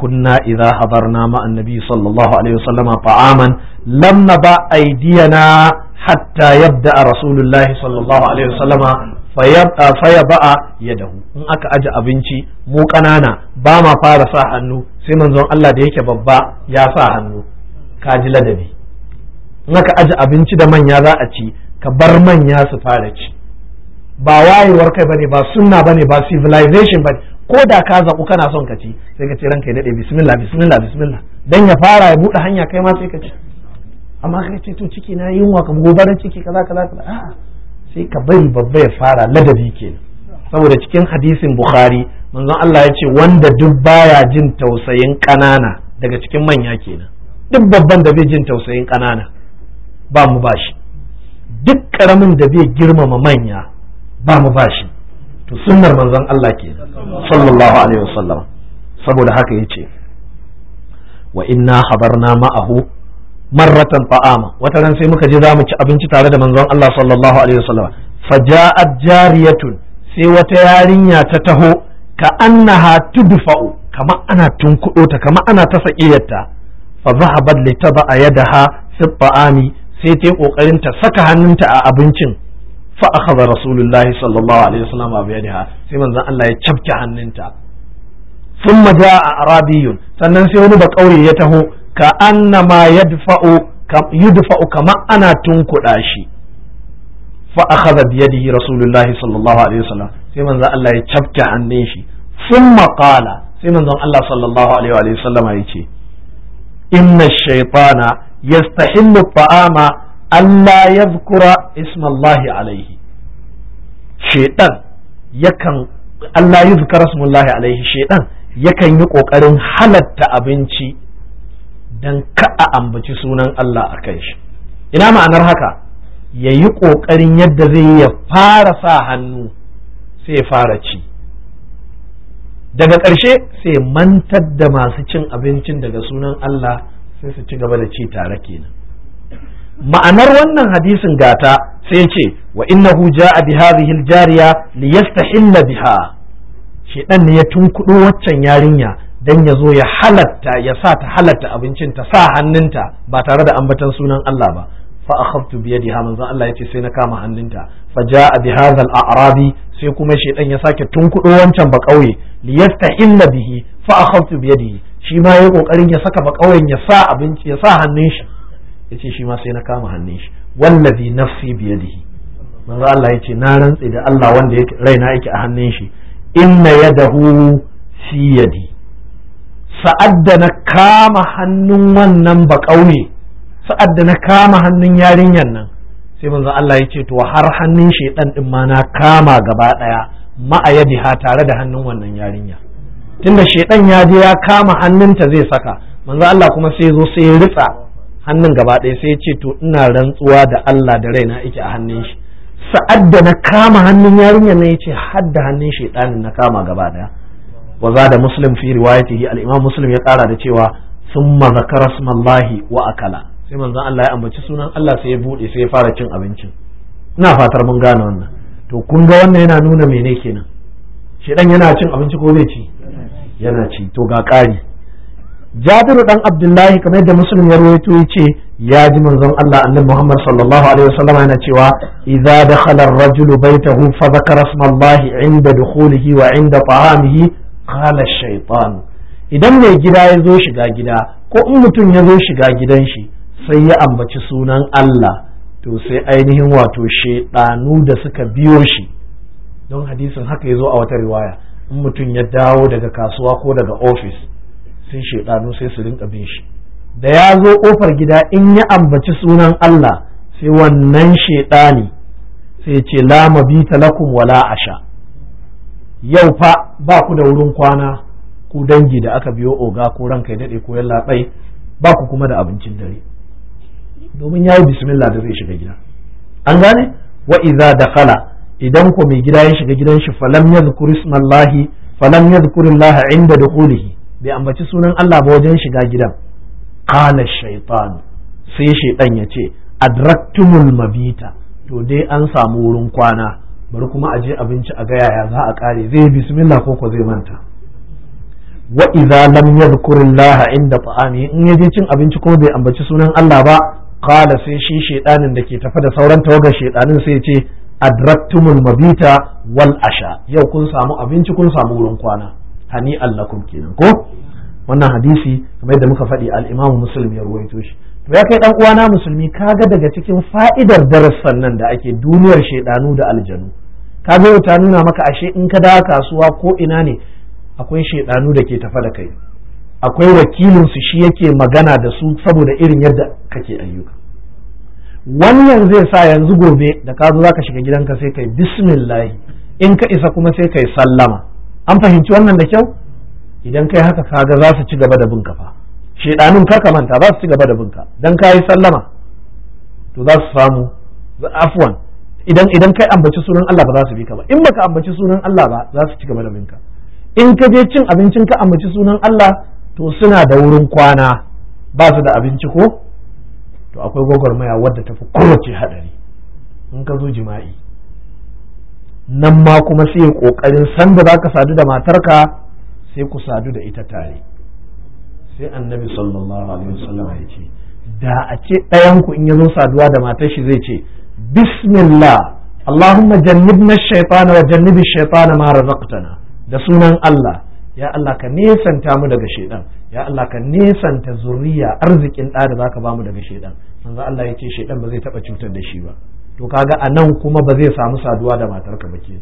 kunna idza hadarna ma annabi sallallahu alaihi wasallama ta'aman lam naba aydiyana hatta yabda rasulullahi sallallahu alaihi wasallama faya ah, ba'a ya dahu in aka aje abinci mu ƙanana ba ma fara sa hannu sai manzon Allah da yake babba ya sa hannu ka ji ladabi in aka aje abinci da manya za a ci ka bar manya su fara ci ba wayewar kai bane ba sunna bane ba civilization bane ko da ka zaɓu kana son ka ci sai ka ce ranka ya daɗe bismillah bismillah bismillah dan ya fara ya buɗe hanya kai ma sai ka ci amma kai ce to ciki na yunwa ka gobarar ciki kaza kaza kaza a'a sai ka bari babba ya fara ladabi ke. saboda cikin hadisin bukhari manzon Allah ya ce wanda duk baya jin tausayin ƙanana daga cikin manya kenan duk babban da bai jin tausayin ƙanana ba mu bashi duk ƙaramin da bai girmama manya ba mu bashi to sunnar manzon Allah ke sallallahu alaihi wasallam saboda haka yace wa inna habarna ma'ahu marratan fa'ama wata ran sai muka je za mu ci abinci tare da manzon Allah sallallahu alaihi wasallam faja'at jariyatun sai wata yarinya ta taho ka annaha tudfa'u kama ana tunkudo ta kama ana ta sakiyarta fa zahabat li taba yadaha fi sai ta kokarin ta saka hannunta a abincin fa akhadha rasulullahi sallallahu alaihi wasallam abiyadiha sai manzon Allah ya cafke hannunta thumma jaa arabiyun sannan sai wani ba ya taho ka annama yadfa'u yudfa'u kama ana tunkuda shi fa akhadha biyadihi rasulullahi sallallahu alaihi wasallam sai manzon Allah ya cafke hannun shi thumma qala sai manzon Allah sallallahu alaihi wasallam ya ce inna shaytana yastahillu ta'ama Allah ya zukura ismallahi alaihi shaitan yakan Allah ya zukura ismallahi alaihi shaitan yakan yi ƙoƙarin halatta abinci don ka ambaci sunan Allah a kan shi ina ma'anar haka ya yi ƙoƙarin yadda zai ya fara sa hannu sai ya fara ci daga ƙarshe sai mantar da masu cin abincin daga sunan Allah sai su ci gaba da ci tare kenan ma'anar wannan hadisin gata sai ce wa innahu ja'a bi hadhihi al-jariya liyastahilla biha shedan ne ya tunkudo waccan yarinya dan ya zo ya halatta ya sa ta halatta abincin ta sa hannunta ba tare da ambatan sunan Allah ba fa akhadtu bi yadiha manzon Allah yace sai na kama hannunta fa jaa bi hadha al-a'rabi sai kuma shedan ya sake tunkudo wancan ba kauye liyastahilla bihi fa akhadtu bi yadihi shi ma yayi kokarin ya saka ba kauyen ya sa abinci ya sa hannun shi yace shi ma sai na kama hannun shi wallazi nafsi biyadihi manzo Allah yace na rantsi da Allah wanda ya raina yake a hannun shi inna yadahu fi yadi sa'ad da na kama hannun wannan bakaune sa'ad da na kama hannun yarinyar nan sai manzo Allah yace to har hannun shedan din ma na kama gaba daya ma'ayadiha tare da hannun wannan yarinya tunda shedan ya je ya kama hannunta zai saka manzo Allah kuma sai zo sai ya ritsa hannun gaba ɗaya sai ya ce to ina rantsuwa da Allah da raina yake a hannun shi sa'ad da na kama hannun yarinyar na yace har da hannun shaidanin na kama gaba ɗaya wa da muslim fi riwayatihi al-imam muslim ya kara da cewa summa zakara smallahi wa akala sai manzon Allah ya ambaci sunan Allah sai ya bude sai ya fara cin abincin ina fatar mun gane wannan to kun ga wannan yana nuna mene kenan shedan yana cin abinci ko bai ci yana ci to ga kari jabiru dan abdullahi kamar da muslim ya rawaito yace ya ji manzon Allah annabi Muhammad sallallahu alaihi wasallam yana cewa idza dakhala ar-rajulu baytahu fa dhakara isma Allah inda dukhulihi wa inda ta'amihi qala ash-shaytan idan mai gida ya zo shiga gida ko in mutum ya zo shiga gidan shi sai ya ambaci sunan Allah to sai ainihin wato shedanu da suka biyo shi don hadisin haka ya zo a wata riwaya in mutum ya dawo daga kasuwa ko daga ofis sun shaidanu sai su rinka bin shi da ya zo kofar gida in ya ambaci sunan Allah sai wannan shaidani sai ce la mabita lakum wala asha yau fa ba ku da wurin kwana ku dangi da aka biyo oga ko ranka ya dade ko yalla bai ba ku kuma da abincin dare domin yayi bismillah da zai shiga gida an gane wa idza dakhala idan ku mai gida ya shiga gidan shi falam yadhkur ismallahi falam yadhkur inda dukhulihi bai ambaci sunan Allah ba wajen shiga gidan qala shaytan sai shaytan ya ce adraktumul mabita to dai an samu wurin kwana bari kuma a je abinci a ga yaya za a kare zai bismillah ko ko zai manta wa idza lam yadhkurillaha inda ta'ami in yaje cin abinci ko bai ambaci sunan Allah ba Kala sai shi da ke tafa da sauran tawagar shaitanin sai ce adraktumul mabita wal asha yau kun samu abinci kun samu wurin kwana hani allakum kenan ko wannan hadisi kamar yadda muka faɗi al musulmi muslim ya ruwaito shi to ya kai dan uwana musulmi kaga daga cikin fa'idar darasan nan da ake duniyar shaiɗanu da aljanu ka yau ta nuna maka ashe in ka dawo kasuwa ko ina ne akwai shaidanu da ke tafa da kai akwai wakilin su shi yake magana da su saboda irin yadda kake ayyuka wannan zai sa yanzu gobe da ka zo zaka shiga gidanka sai kai bismillah in ka isa kuma sai kai sallama an fahimci wannan da kyau idan kai haka kaga za su ci gaba da bin fa shedanun ka kamanta za su ci gaba da bin ka dan kai sallama to za su samu afwan idan idan kai ambaci sunan Allah ba za su bi ka ba in baka ambaci sunan Allah ba za su ci gaba da bin ka in ka je cin abincin ka ambaci sunan Allah to suna da wurin kwana ba su da abinci ko to akwai gwagwarmaya wadda ta fi kowace hadari in ka zo jima'i nan ma kuma sai ya kokarin sanda zaka sadu da matarka sai ku sadu da ita tare sai annabi sallallahu alaihi wasallam ya ce da a ce ɗayan ku in ya zo saduwa da matar shi zai ce bismillah allahumma jannibna shaytana wa jannibi shaytana ma razaqtana da sunan Allah ya Allah ka nesanta mu daga shaidan ya Allah ka nesanta zuriya arzikin ɗa da zaka bamu daga shaidan manzo Allah ya ce shaidan ba zai taba cutar da shi ba to kaga a nan kuma ba zai samu saduwa da matarka ba ke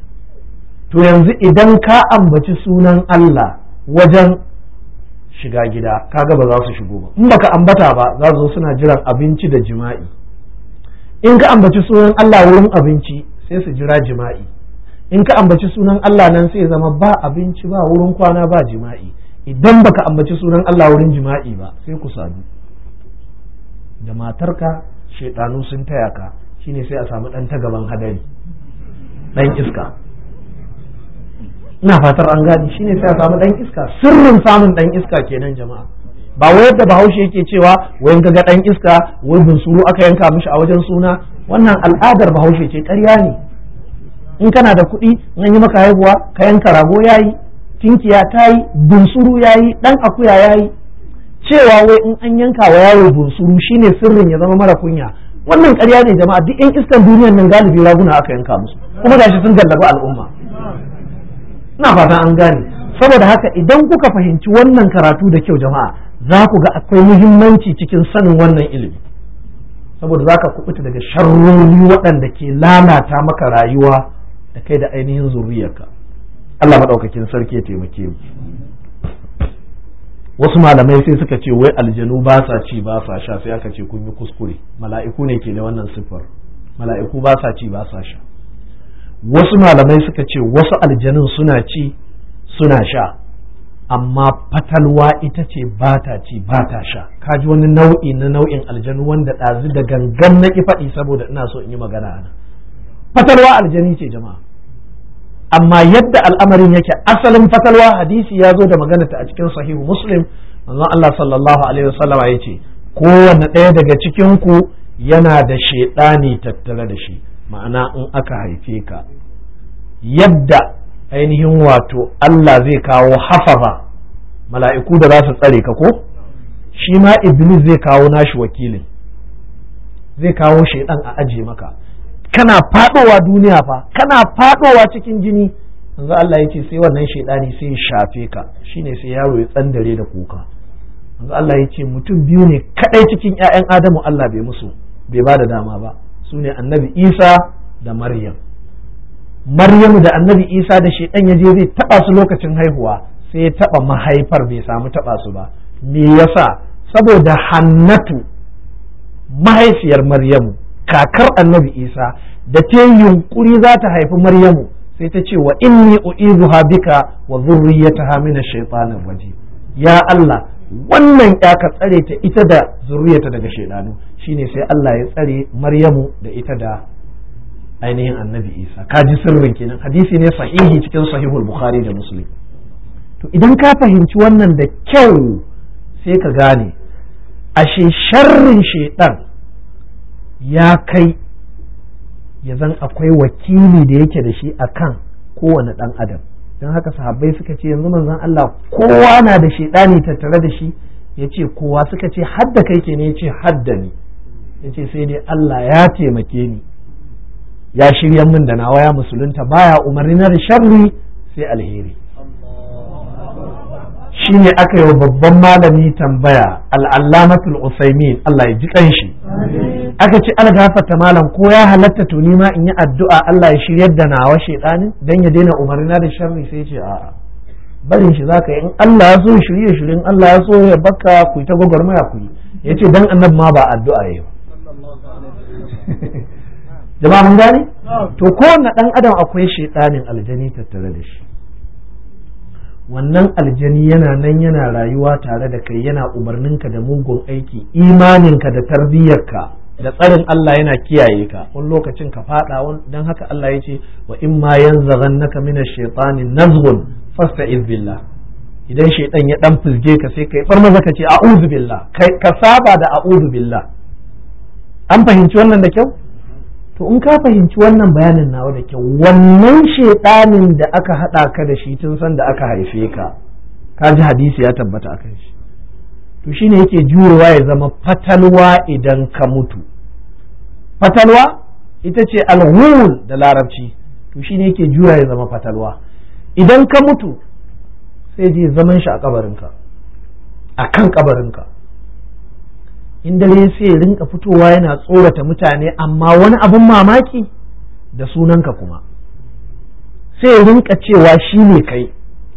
to yanzu idan ka ambaci sunan Allah wajen shiga gida kaga ba za su shigo ba in baka ambata ba za su suna jiran abinci da jima'i in ka ambaci sunan Allah wurin abinci sai su jira jima'i in ka ambaci sunan Allah nan sai zama ba abinci ba wurin kwana ba jima'i idan baka ambaci sunan Allah wurin jima'i ba sai ku sadu da matarka shaiɗanu sun taya ka shine sai a samu ɗan tagaban hadari ɗan iska ina fatar an gani shine sai a samu ɗan iska sirrin samun ɗan iska kenan jama'a ba wai yadda bahaushe yake cewa wai ga ɗan iska wai bunsuru aka yanka mishi a wajen suna wannan al'adar bahaushe ce ƙarya ne in kana da kuɗi in yi maka haihuwa ka yanka rago yayi tinkiya ta yi bunsuru yayi ɗan akuya yayi cewa wai in an yanka wa yaro bunsuru shine sirrin ya zama mara kunya wannan ƙarya ne jama'a duk yan iskan duniyar nan galibi raguna aka yanka musu kuma gashi sun gallabi al'umma ina fatan an gane saboda haka idan kuka fahimci wannan karatu da kyau jama'a za ku ga akwai muhimmanci cikin sanin wannan ilimi saboda za ka kubuta daga sharroni waɗanda ke lalata maka rayuwa da kai da ainihin zuriyarka Allah maɗaukakin sarki ya taimake mu wasu malamai sai suka ce wai aljanu ba sa ci ba sa sha sai aka ce kun yi kuskure mala'iku ne ke da wannan siffar mala'iku ba sa ci ba sa sha wasu malamai suka ce wasu aljanun suna ci suna sha amma fatalwa ita ce ba ta ci ba ta sha ka ji wani nau'i na nau'in aljanu wanda ɗazu da gangan na ki faɗi saboda ina so in yi magana ana fatalwa aljani ce jama'a amma yadda al'amarin yake asalin fatalwa hadisi ya zo da magana a cikin sahihu muslim manzo Allah sallallahu alaihi wasallam ya ce kowanne ɗaya daga cikin ku yana da shaidani tattare da shi ma'ana in aka haife ka yadda ainihin wato Allah zai kawo hafafa mala'iku da za su tsare ka ko shi ma iblis zai kawo nashi wakilin zai kawo shaidan a aje maka kana fadowa duniya fa kana fadowa cikin jini yanzu Allah ya sai wannan shaidani sai ya shafe ka shine sai yaro ya tsandare da kuka yanzu Allah ya mutum biyu ne kadai cikin ƴaƴan Adamu Allah bai musu bai ba da dama ba su ne annabi Isa da Maryam Maryam da annabi Isa da shaidan ya je zai taba su lokacin haihuwa sai ya taba mahaifar bai samu taba su ba me yasa saboda Hannatu mahaifiyar Maryamu kakar annabi isa da ta yunkuri za ta haifi maryamu sai ta ce wa inni u'izuha bika wa zurriyataha min ash-shaytanir rajim ya Allah wannan ya ka tsare ta ita da zurriyata daga shaidanu shine sai Allah ya tsare maryamu da ita da ainihin annabi isa ka ji sirrin kenan hadisi ne sahihi cikin sahihul bukhari da muslim to idan ka fahimci wannan da kyau sai ka gane ashe sharrin shaidan ya kai ya zan akwai wakili da yake da shi a kan kowane ɗan adam don haka sahabbai suka ce yanzu manzon Allah kowa na da shaidani tattare da shi ya ce kowa suka ce hadda kai ke ne ya ce hadda ni ya ce sai dai Allah ya taimake ni ya shirya min da nawa ya musulunta baya umarni na da sharri sai alheri ne aka yi wa babban malami tambaya al'allamatul usaimin Allah ya ji kanshi aka ci ana gafarta malam ko ya halatta to ni ma in yi addu'a Allah ya shiryar da nawa shaytanin dan ya daina umarna da sharri sai ce a'a barin shi zaka yi in Allah ya so shirye shirin Allah ya so ya baka ku ta gwagwarmaya ku Ya yace dan annabi ma ba addu'a yayi jama'a mun gane to kowanne dan adam akwai shaytanin aljani tattare da shi wannan aljani yana nan yana rayuwa tare da kai yana umarninka da mugun aiki imaninka da tarbiyyarka da tsarin Allah yana kiyaye ka wani lokacin ka fada don haka Allah ya ce wa in ma yanzaghannaka min mina shaytani nazgun fasta billah idan shaiɗan ya dan fizge ka sai kai bar maza ka ce a'udhu billah ka saba da a'udhu billah an fahimci wannan da kyau to in ka fahimci wannan bayanin nawa da kyau wannan shedanin da aka haɗa ka da shi tun san da aka haife ka ka ji hadisi ya tabbata akan shi to shine yake jurewa ya zama fatalwa idan ka mutu fatalwa ita ce alhul da larabci to shine yake jura ya zama fatalwa idan ka mutu sai je zaman shi a kabarinka a kan kabarinka in dare sai ya rinka fitowa yana tsorata mutane amma wani abin mamaki da sunanka kuma sai rinka cewa shi ne kai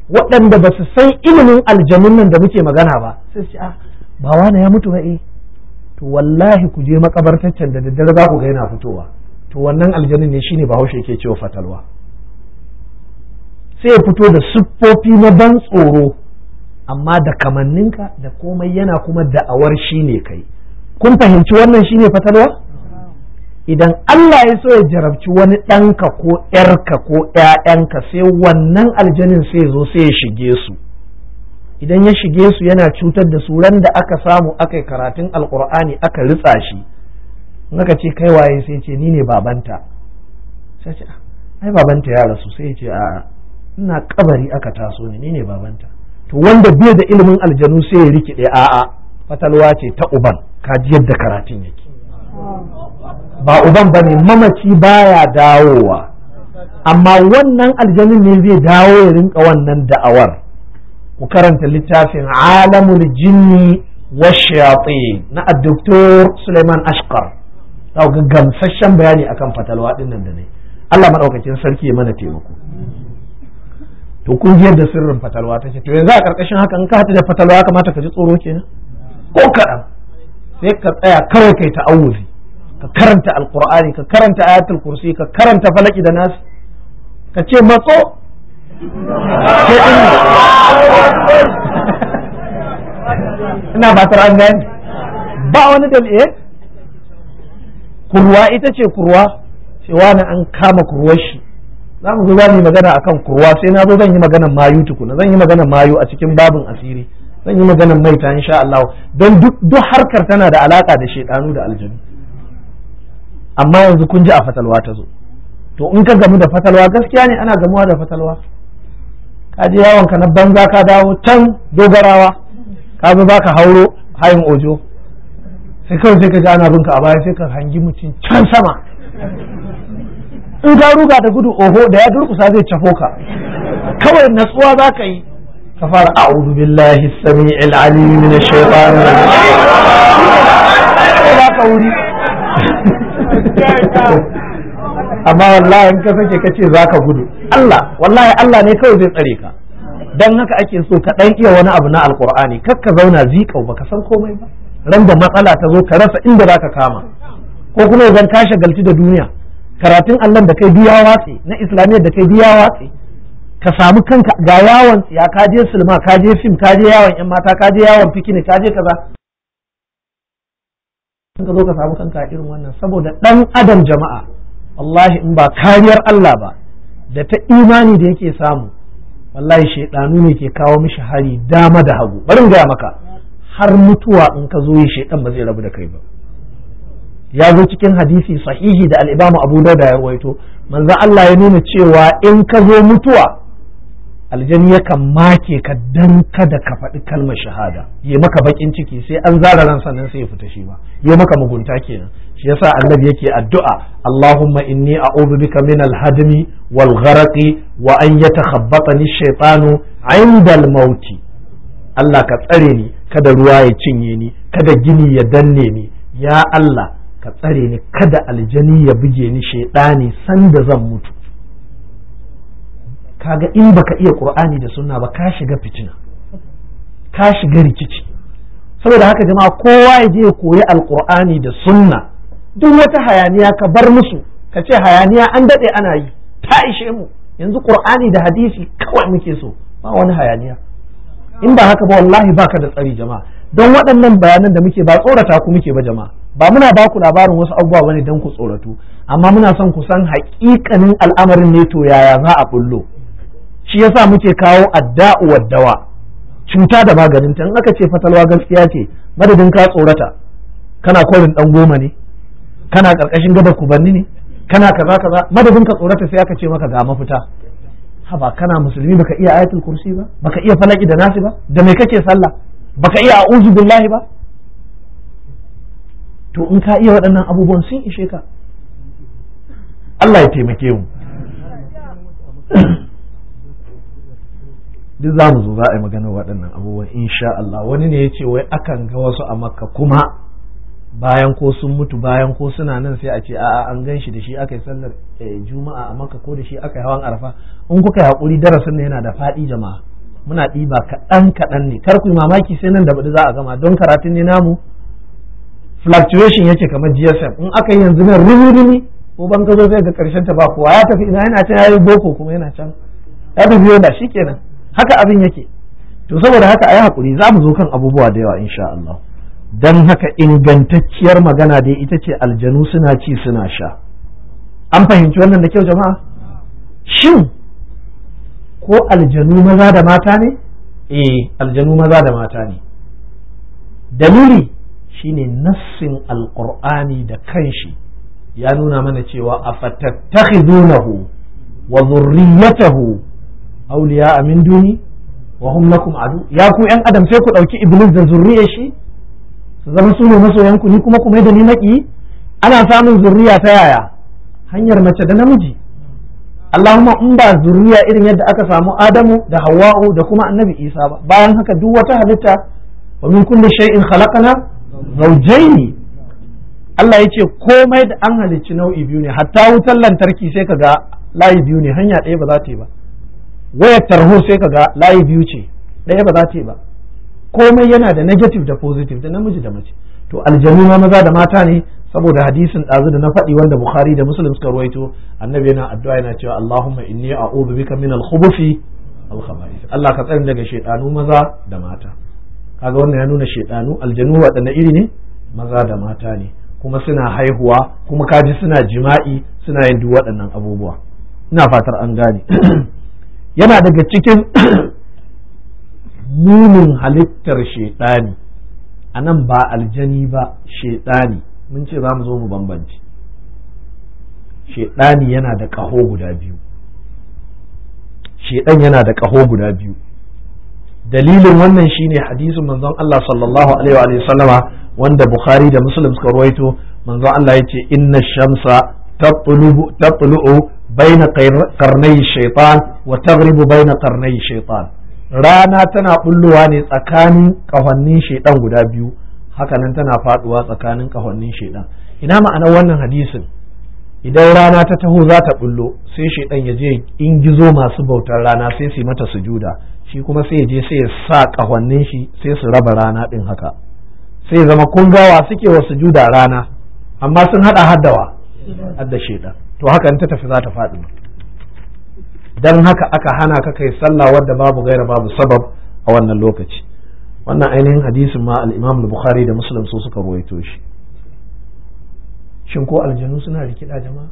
waɗanda ba su san ilimin aljanun nan da muke magana ba sai ce ah ba wani ya mutu ba eh to wallahi ku je makabartar da daddare za ku ga yana fitowa to wannan aljanun ne shine bahaushe ke cewa fatalwa sai ya fito da siffofi na ban tsoro amma da kamanninka da komai yana kuma da'awar shi ne kai kun fahimci wannan shine fatalwa idan Allah ya so ya jarabci wani ɗanka ko ‘yarka ko ‘ya'yanka sai wannan aljanin sai zo sai ya shige su idan ya shige su yana cutar da su ran da aka samu aka yi karatun alkur'ani aka ritsa shi naka ce kai waye sai ce ni ne babanta sai ce ah, ai babanta ya rasu sai ce a ina kabari aka taso ni ne babanta to wanda bai da ilimin aljanu sai ya rikide a'a fatalwa ce ta uban ka ji yadda karatun yake ba uban ba ne mamaci baya dawowa amma wannan aljanin ne zai dawo ya rinka wannan da'awar ku karanta littafin alamul jinni wa shayatin na addoktor suleiman ashkar ta ga gamsasshen bayani akan fatalwa ɗinnan da ne Allah maɗaukakin sarki ya mana taimako to kun ji yadda sirrin fatalwa take to yanzu a ƙarƙashin haka in ka hata da fatalwa kamata ka ji tsoro kenan ko kaɗan sai ka tsaya kawai kai ta awuzi ka karanta alƙur'ani ka karanta ayatul kursi ka karanta falaki da nasu ka ce matso ina fatar an gani ba wani dalili eh? kurwa ita ce kurwa cewa na an kama kurwar shi za mu zo yi magana akan kurwa sai na zo zan yi magana mayu tukuna zan yi magana mayu a cikin babin asiri zan yi mai maita insha Allah don duk harkar tana da alaka da shaidanu da aljanu amma yanzu kun ji a fatalwa ta zo to in ka gamu da fatalwa gaskiya ne ana gamuwa da fatalwa ka je yawon ka na banza ka dawo can dogarawa ka zo baka hauro hayin ojo sai kawai sai ka ji ana ka a baya sai ka hangi mutum can sama in ka ruga da gudu oho da ya durkusa zai cafo ka kawai natsuwa za ka yi كفر أعوذ بالله السميع العليم من الشيطان amma wallahi in ka sake kace zaka gudu Allah wallahi Allah ne kawai zai tsare ka dan haka ake so ka dan iya wani abu na alqur'ani kar ka zauna ba baka san komai ba ran da matsala ta zo ka rasa inda zaka kama ko kuma idan ka shagalci da duniya karatun Allah da kai biya watsi na islamiyyar da kai biya watsi ka samu kanka ga yawon ya kaje sulma silma fim kaje yawon yan mata kaje yawon fikini ka kaza ka zo ka samu kanka irin wannan saboda dan adam jama'a wallahi in ba kariyar Allah ba da ta imani da yake samu wallahi shaidanu ne ke kawo mishi hari dama da hagu bari gaya maka har mutuwa in ka zo yi shaidan ba zai rabu da kai ba ya zo cikin hadisi sahihi da al-Imam abu da ya rawaito manzo Allah ya nuna cewa in ka zo mutuwa aljani yakan make ka dan kada ka faɗi kalmar shahada ya maka baƙin ciki sai an zara ran sannan sai ya fita shi ba ya maka mugunta kenan shi yasa annabi yake addu'a Allahumma inni a'udhu bika min al-hadmi wal gharqi wa an yatakhabbatani shaytanu 'inda al-maut Allah ka tsare ni kada ruwa ya cinye ni kada gini ya danne ni ya Allah ka tsare ni kada aljani ya buge ni shaydani sanda zan mutu kaga in baka iya qur'ani da sunna ba ka shiga fitina ka shiga rikici saboda haka jama'a kowa ya je koyi alqur'ani da sunna duk wata hayaniya ka bar musu ka ce hayaniya an dade ana yi ta ishe mu yanzu qur'ani da hadisi kawai muke so ba wani hayaniya in ba haka ba wallahi baka da tsari jama'a don waɗannan bayanan da muke ba tsorata ku muke ba jama'a ba muna ba ku labarin wasu abubuwa bane don ku tsoratu amma muna son ku san haƙiƙanin al'amarin ne to yaya za a bullo shi yasa muke kawo Adda wa dawa cuta da maganin ta aka ce fatalwa gaskiya ce madadin ka tsorata kana korin dan goma ne kana karkashin gabar kubanni ne kana kaza kaza madadin ka tsorata sai aka ce maka ga mafita haba kana musulmi baka iya ayatul kursi ba baka iya falaki da nasi ba da me kake sallah baka iya a'udhu billahi ba to in ka iya waɗannan abubuwan sun ishe ka Allah ya taimake mu duk za mu zo za a yi magana waɗannan abubuwan insha Allah wani ne ya ce wai akan ga wasu a makka kuma bayan ko sun mutu bayan ko suna nan sai a ce a an gan shi da shi aka yi sallar eh, juma'a a makka ko da shi aka yi hawan arfa in kuka yi haƙuri darasin ne yana da faɗi jama'a muna ɗiba kaɗan kaɗan ne kar ku mamaki sai nan da baɗi za a gama don karatun ne namu fluctuation yake kamar gsm in aka yi yanzu nan rumi rumi ko ban ka zo sai ga ƙarshen ta ba kowa ya tafi ina yana can ya yi boko kuma yana can ya tafi yau da shi kenan haka abin yake to saboda haka a yi hakuri za mu zo kan abubuwa da yawa insha Allah don haka ingantacciyar magana dai ita ce aljanu suna ci suna sha an fahimci wannan da kyau jama'a shin ko aljanu maza da mata ne eh aljanu maza da mata ne dalili shine nassin alqur'ani da kanshi ya nuna mana cewa afatattakhidunahu wa dhurriyyatahu auliya amin duni wa hum lakum adu ya ku yan adam sai ku dauki iblis da zurriyar shi su zama su ne masoyan ku ni kuma ku mai da ni naki ana samun zurriya ta yaya hanyar mace da namiji Allahumma in ba zurriya irin yadda aka samu Adamu da Hawwa'u da kuma Annabi Isa ba bayan haka duk wata halitta wa min kulli shay'in khalaqna zawjayn Allah ya ce komai da an halicci nau'i biyu ne hatta wutar lantarki sai kaga ga layi biyu ne hanya ɗaya ba za ta yi ba wayar tarho sai ka ga layi biyu ce ɗaya ba za ta yi ba komai yana da negative da positive da namiji da mace to aljanu ma maza da mata ne saboda hadisin ɗazu da na faɗi wanda bukhari da muslim suka ruwaito annabi yana addu'a yana cewa allahumma inni a'udhu bika min al-khubuthi allah ka tsare daga shaiɗanu maza da mata kaga wannan ya nuna shaiɗanu aljanu waɗanne iri ne maza da mata ne kuma suna haihuwa kuma kaji suna jima'i suna yin duk waɗannan abubuwa ina fatar an gane yana daga cikin munin halittar shaidani a nan ba aljani ba shaidani mun ce za mu zo mu bambanci. shaidani yana da ƙaho guda biyu shaidan yana da ƙaho guda biyu dalilin wannan shine hadisin manzon Allah sallallahu alaihi wa sallama wanda Bukhari da Muslim suka ruwaito manzon Allah ya ce inna shamsa ta baina karnai shaitan wa taghribu baina karnai shaitan rana tana bullowa ne tsakanin kahonnin shaitan guda biyu hakanan tana faduwa tsakanin kahonnin shaitan ina ma'anar wannan hadisin idan rana ta taho za ta bullo sai shaitan ya je in gizo masu bautar rana sai su mata sujuda shi kuma sai ya je sai ya sa kahonnin shi sai su raba rana din haka sai zama kungawa suke wa sujuda rana amma sun hada haddawa hadda shaitan to haka ni ta tafi za ta faɗi don haka aka hana ka kai sallah wadda babu gaira babu sabab a wannan lokaci wannan ainihin hadisin ma al-imam bukhari da muslim su suka ruwaito shi shin ko aljanu suna rikida jama'a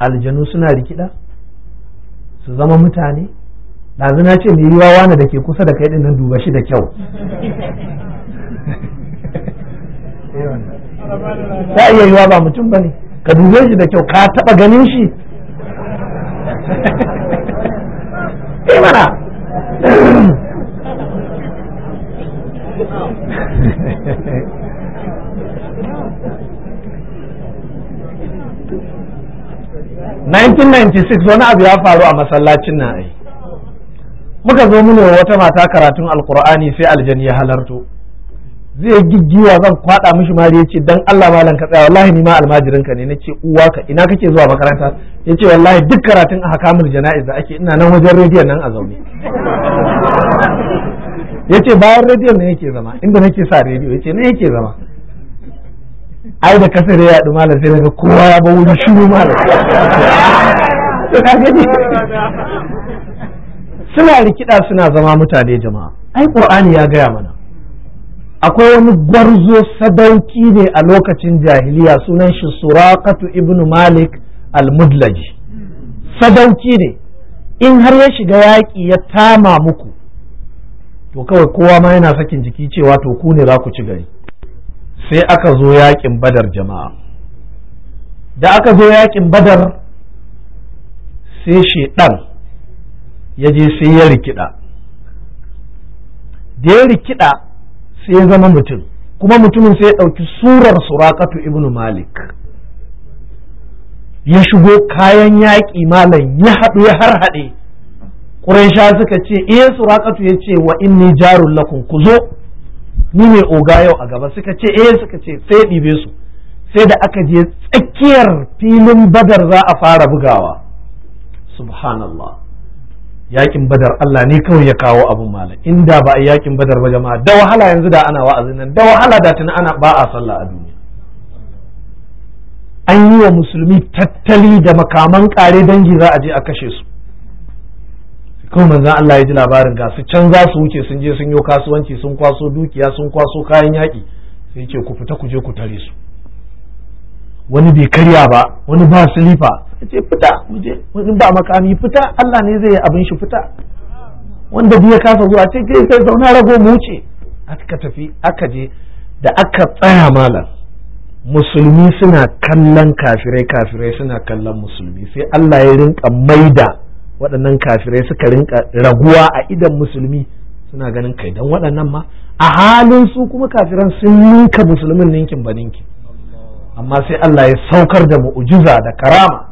aljanu suna rikida su zama mutane ɗazu na ce mai yiwa da ke kusa da kai ɗin nan duba shi da kyau ta iya yiwa ba mutum ba ne ka dube shi da kyau ka taba ganin shi eh mana wani abu ya faru a masallacin na muka zo mune wata mata karatun alkur'ani sai aljani ya halarto zai giggiwa zan kwada mishi mari yace dan Allah malam ka tsaya wallahi ni ma almajirin ka ne nace uwa ka ina kake zuwa makaranta yace wallahi duk karatun ahkamul jana'iz da ake ina nan wajen rediyon nan a zaune yace bayan rediyon ne yake zama inda nake sa rediyo yace ne yake zama ai da kasar ya yadu malam sai daga kowa ya ba wuri shiru malam suna rikida suna zama mutane jama'a ai qur'ani ya gaya mana akwai wani gwarzo sadauki ne a lokacin jahiliya sunan shi surakatu ibnu malik al-mudlaji sadauki ne in har ya shiga yaƙi ya tama muku to kawai kowa ma yana sakin jiki cewa to ku ne za ku ci gari sai aka zo yaƙin badar jama'a da aka zo yaƙin badar sai shaidan ya je sai ya rikida da ya rikida sai ya zama mutum kuma mutumin sai ya ɗauki surar surakatu ibnu malik ya shigo kayan yaƙi malam ya haɗu ya har haɗe ƙuraisha suka ce eh surakatu ya ce wa inni jarun lakun ku zo ni mai oga yau a gaba suka ce eh suka ce sai ɗibe su sai da aka je tsakiyar filin badar za a fara bugawa subhanallah yakin badar Allah ne kawai ya kawo abun malam inda ba a yakin badar ba jama'a da wahala yanzu da ana wa'azi nan da wahala da tuni ana ba a sallah a duniya an yi wa musulmi tattali da makaman kare dangi za a je a kashe su kawai manzan Allah ya ji labarin ga su can za su wuce sun je sun yi kasuwanci sun kwaso dukiya sun kwaso kayan yaƙi sai ce ku fita ku je ku tare su wani bai karya ba wani ba silifa ce fita muje wani ba makami fita Allah ne zai yi abin shi fita wanda biya kasa zuwa ce ke sai zauna rago mu wuce aka tafi aka je da aka tsaya malam musulmi suna kallon kafirai kafirai suna kallon musulmi sai Allah ya rinka maida waɗannan kafirai suka rinka raguwa a idan musulmi suna ganin kai dan waɗannan ma a halin su kuma kafiran sun ninka musulmin ninkin ba ninkin amma sai Allah ya saukar da mu'ujiza da karama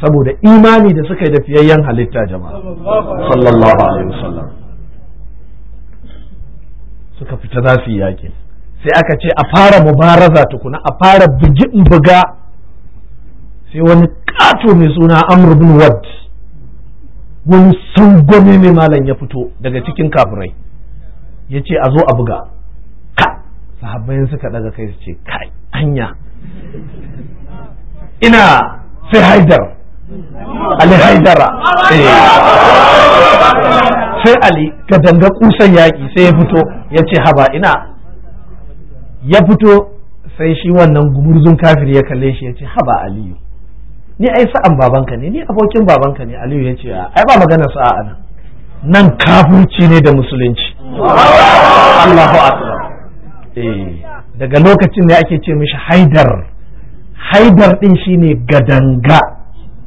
saboda imani da suka yi da fiyayyen halitta jama'a sallallahu alaihi wasallam suka fita za su yi yaƙi sai aka ce a fara mubaraza tukuna a fara bugin buga sai wani ƙato mai suna amr bin wad wani sangwame mai malam ya fito daga cikin kafirai ya ce a zo a buga ka sahabbai suka daga kai su ce kai hanya ina sai haidar ali haidara eh. sai ali ka danga kusan yaƙi sai ya fito ya ce haba ina ya fito sai shi wannan gumurzun kafiri ya kalle shi ya ce haba aliyu ni ai sa'an babanka ne ni abokin babanka ne aliyu ya ce ai ba magana sa'a nan nan kafirci ne da musulunci Allahu akbar eh, daga lokacin ne ake ce mishi haidar haidar din shine gadanga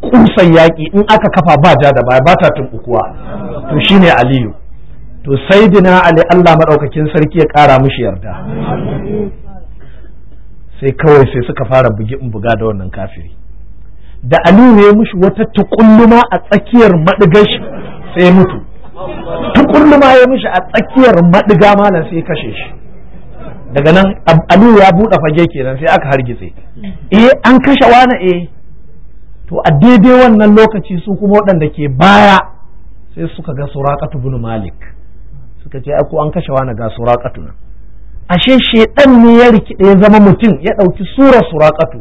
kusan yaƙi in aka kafa ba ja da baya ba ta tunkukuwa to shine aliyu to sai dina ali Allah maɗaukakin sarki ya ƙara mushi yarda sai kawai sai suka fara bugi in buga da wannan kafiri da aliyu ya mushi wata tukulluma a tsakiyar maɗigashi sai mutu tukulluma ya mushi a tsakiyar maɗiga malam sai kashe shi daga nan aliyu ya buɗe fage kenan sai aka hargitse eh an kashe wani eh to a daidai wannan lokaci su kuma waɗanda ke baya sai suka ga surakatu bin malik suka ce ai ko an kashe wani ga surakatu nan ashe shedan ne ya rikide ya zama mutum ya ɗauki surar surakatu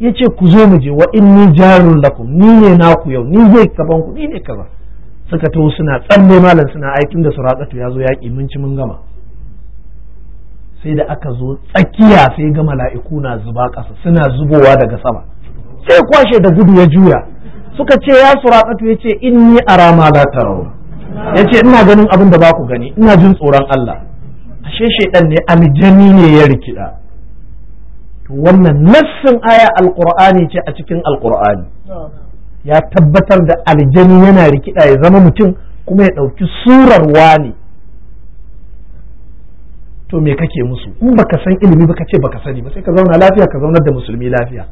ya ce ku zo mu je wa in ni jarun lakum ni ne naku yau ni zai kaban ku ni ne kaza suka to suna tsalle malam suna aikin da surakatu ya zo yaki mun ci mun gama sai da aka zo tsakiya sai ga mala'iku na zuba ƙasa suna zubowa daga sama sai kwashe da gudu ya juya suka ce ya ya suraqatu yace rama za ta la Ya ce ina ganin abin da ba ku gani ina jin tsoron Allah ashe ɗan ne Aljani ne ya rikida wannan nassin aya alqur'ani ce a cikin alqur'ani ya tabbatar da aljani yana rikida ya zama mutum kuma ya ɗauki surar wani to me kake musu in baka san ilimi baka ce baka sani ba sai ka zauna lafiya ka zaunar da musulmi lafiya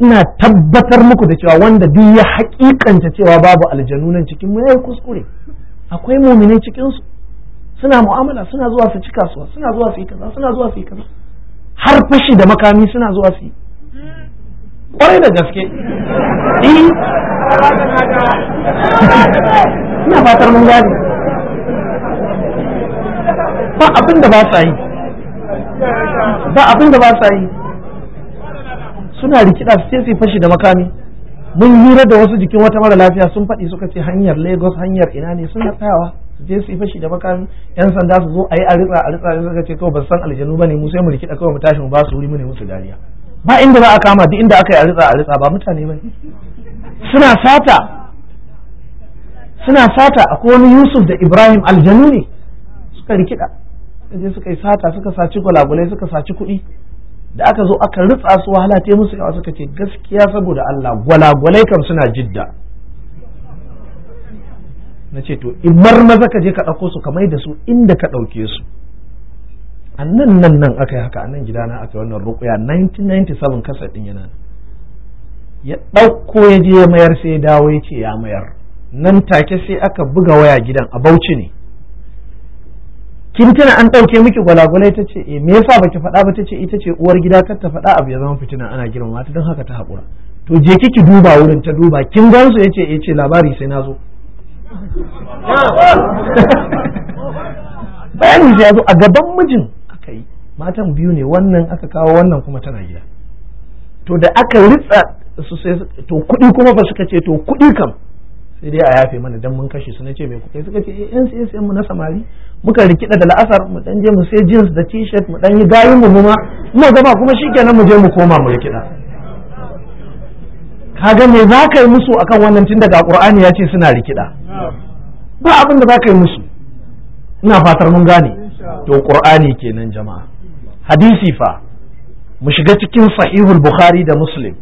ina tabbatar muku da cewa wanda duk ya hakikanta cewa babu aljanu nan cikin mu yayi kuskure akwai muminai cikin su suna mu'amala suna zuwa su cika su suna zuwa su yi kaza suna zuwa su yi kaza har fushi da makami suna zuwa su yi kwarai da gaske eh. ina fatar mun gane ba abin da ba sa yi ba abin da ba sa yi suna rikida su sai su fashi da makami mun lura da wasu jikin wata mara lafiya sun faɗi suka ce hanyar lagos hanyar ina ne suna tsayawa su je su fashi da makami yan sanda su zo a yi a ritsa a ritsa suka ce kawai ba san aljanu ba mu sai mu rikida kawai mu tashi mu ba su wuri mu ne musu dariya ba inda za a kama duk inda aka yi a ritsa a ritsa ba mutane bane suna sata suna sata akwai wani yusuf da ibrahim aljanu ne suka rikida je suka yi sata suka saci gulagulai suka saci kuɗi da aka zo aka ritsa su wahala ta musu yawa suka ce gaskiya saboda Allah gwalagwalai kam suna jidda na ce to imar maza ka je ka ɗauko su ka mai da su inda ka ɗauke su a nan nan nan aka yi haka a nan gidana aka yi wannan rukuya 1997 kasa ɗin yana ya ɗauko ya je ya mayar sai ya dawo ya ce ya mayar nan take sai aka buga waya gidan a bauchi ne kin tana an ɗauke miki gwalagwalai ta ce eh, me yasa baki faɗa ba ta ce ita ce uwar gida kar ta faɗa abu ya zama fitina ana girmama ta don haka ta haƙura to je kiki duba wurin ta duba kin gan su yace yace eh, labari sai na zo bayani sai ya zo a gaban mijin aka yi matan biyu ne wannan aka kawo wannan kuma tana gida to da aka ritsa su sai to kuɗi kuma ba suka ce to kuɗi kam sai dai a yafe mana dan mun kashe su na ce me kuka suka ce eh, yan siyan mu na samari muka rikida da la'asar mu dan je mu sai jeans da t-shirt mu dan yi gayin mu ma mu gaba kuma shikenan mu je mu koma mu rikida kaga me za ka yi musu akan wannan tun daga qur'ani ya ce suna rikida ba abin da za ka yi musu ina fatar mun gane to qur'ani kenan jama'a hadisi fa mu shiga cikin sahihul bukhari da muslim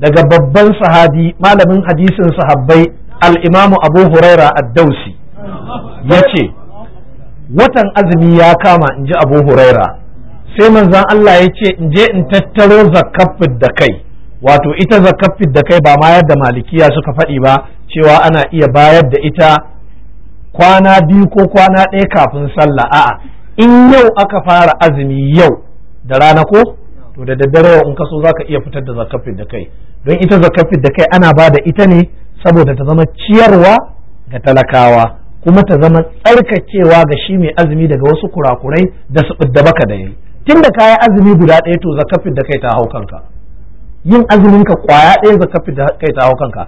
daga babban sahabi malamin hadisin sahabbai al-imamu abu huraira Addausi ya ce watan azumi ya kama in ji abu huraira sai manzan Allah ya ce in je in tattaro zakafin da kai wato ita zakafin da kai ba ma yadda malikiya suka faɗi ba cewa ana iya bayar da ita kwana biyu ko kwana ɗaya kafin sallah a'a in yau aka fara azumi yau da rana ko to da daddare in ka so zaka iya fitar da zakafin da kai don ita zakafin da kai ana ba da ita ne saboda ta zama ciyarwa ga talakawa kuma ta zama tsarkakewa ga shi mai azumi daga wasu kurakurai da su da baka da yayi tunda kayi azumi guda ɗaya to zakafin da kai ta hau kanka yin azumin ka kwaya ɗaya zakafin da kai ta hau kanka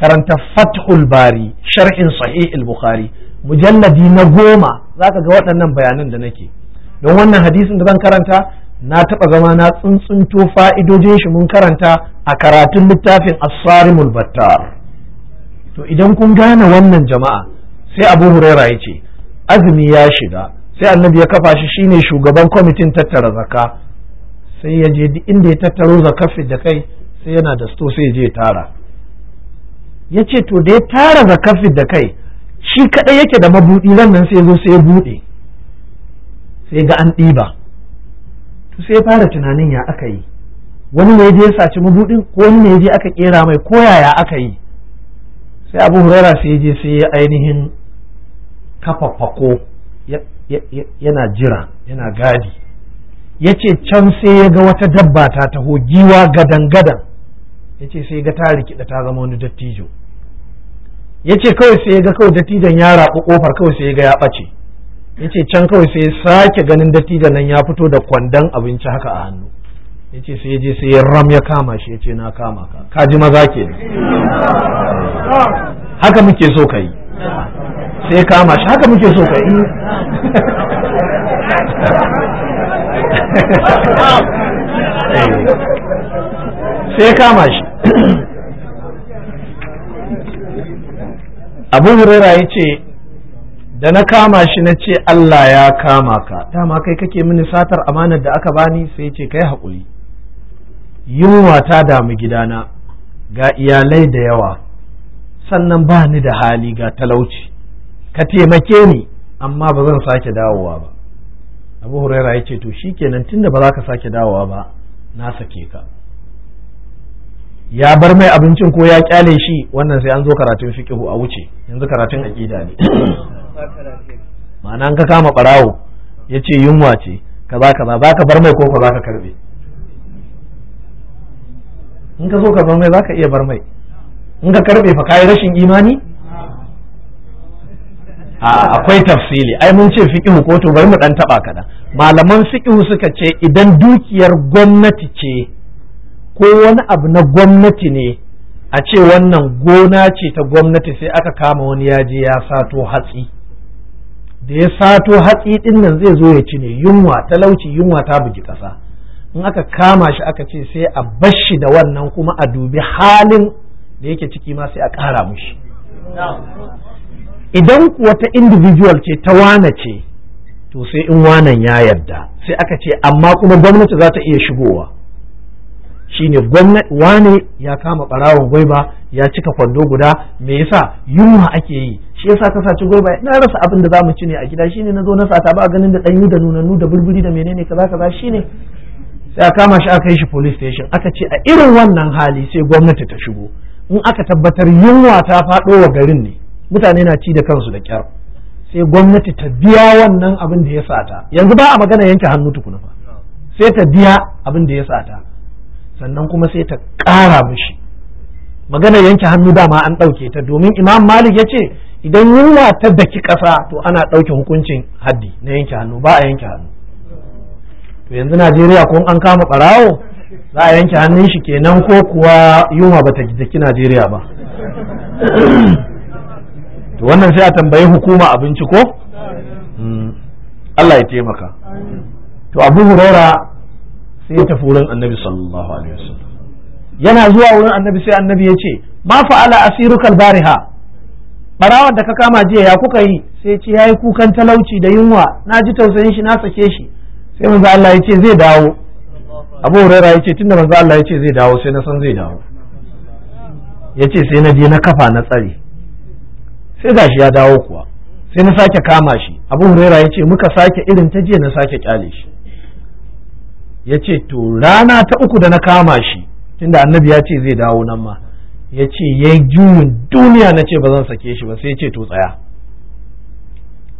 karanta fathul bari sharhin sahih al-bukhari mujalladi na goma zaka ga waɗannan bayanan da nake don wannan hadisin da zan karanta na taɓa zama na tsuntsunto fa'idojin shi mun karanta a karatun littafin as-sarimul battar to idan kun gane wannan jama'a sai abu huraira ya ce azumi ya shiga sai annabi ya kafa shi shine shugaban kwamitin tattara zaka. sai ya je inda ya tattaro zakar da kai sai yana da sto sai ya je tara ya ce to da ya tara zakar da kai shi kadai yake da mabudi nan sai zo sai ya bude sai ga an ɗiba to sai ya fara tunanin ya aka yi wani ne ya je ya saci mabudin ko wani ne ya je aka kera mai ko yaya aka yi sai abu huraira sai ya je sai ya ainihin kafa fako yana jira yana gadi ya ce can sai ya ga wata dabba ta taho giwa gadan-gadan ya ce sai ga ta rikida ta zama wani dattijo ya ce kawai sai ya ga kawai dattijon ya raɓi ƙofar kawai sai ya ga ya ɓace ya ce can kawai sai ya sake ganin dattijon nan ya fito da kwandon abinci haka a hannu ya ce sai je sai ram ya kama shi ya ce na kama ka ka ji maza ke haka muke so ka yi sai kama shi haka muke so ka yi eh. sai kama shi abu hurera ya ce da na kama shi na ce Allah ya kama ka dama kai kake mini satar amanar da aka bani sai ce kai haƙuri yunwa ta damu gidana ga iyalai da yawa sannan ba ni da hali ga talauci ka taimake ni amma ba zan sake dawowa ba abu huraira ya ce to shikenan tunda ba za ka sake dawowa ba na sake ka ya bar mai abincin ko ya kyale shi wannan sai an zo karatun fiqihu a wuce yanzu karatun aqida ne ma'ana an ka kama ɓarawo, ya ce yunwa ce kaza kaza za ka bar mai ko ka za ka karbe in ka so ka bar mai za ka iya bar mai in ka karbe fa kai rashin imani a akwai tafsili ai mun ce fiqhu ko to bari mu dan taba kada malaman fiqhu suka ce idan dukiyar gwamnati ce ko wani abu na gwamnati ne a ce wannan gona ce ta gwamnati sai aka kama wani ya je ya sato hatsi da ya sato hatsi din zai zo ya ci ne yunwa talauci yunwa ta bugi kasa in aka kama shi aka ce sai a bashi da wannan kuma a dubi halin da yake ciki ma sai a ƙara mushi idan wata ta individual ce ta wane ce to sai in wanan ya yarda sai aka ce amma kuma gwamnati za ta iya shigowa ne gwamnati wane ya kama ɓarawon gwaiba ya cika kwando guda me yasa yunwa ake yi shi yasa ka saci gwaiba na rasa abin da za mu ci ne a gida shine ne na sata ba ganin da ɗanyu da nunannu da burburi da menene kaza kaza shine sai a kama shi aka yi shi police station aka ce a irin wannan hali sai gwamnati ta shigo in aka tabbatar yunwa ta faɗo wa garin ne mutane na ci da kansu da kyar sai gwamnati ta biya wannan abin da ya sata yanzu ba a magana yanke hannu tukuna fa sai ta biya abin da ya sata sannan kuma sai ta ƙara mishi magana yanke hannu dama an ɗauke ta domin imam malik ya ce idan yunwa ta daki ƙasa to ana ɗauke hukuncin haddi na yanke hannu ba a yanke hannu to yanzu najeriya ko an kama barawo za a yanke hannun shi kenan ko kuwa yunwa bata jiki najeriya ba to wannan sai a tambayi hukuma abinci ko hmm. Allah ya taimaka to abu hurora sai ya tafi wurin annabi sallallahu alaihi wasallam yana zuwa wurin annabi sai annabi ya ce ma fa'ala asirukal bariha barawon da ka kama jiya ya kuka yi sai ce yayi kukan talauci da yunwa na ji tausayin shi na sake shi sai manzo Allah ya ce zai dawo Abu Hurairah ya ce tunda manzo Allah ya ce zai dawo sai na san zai dawo ya ce sai na je na kafa na tsare sai gashi ya dawo kuwa sai na sake kama shi Abu Hurairah ya ce muka sake irin ta jiya na sake kyale shi ya ce to rana ta uku da na kama shi tunda annabi ya ce zai dawo nan ma ya ce ya yi juyin duniya na ce ba zan sake shi ba sai ya ce to tsaya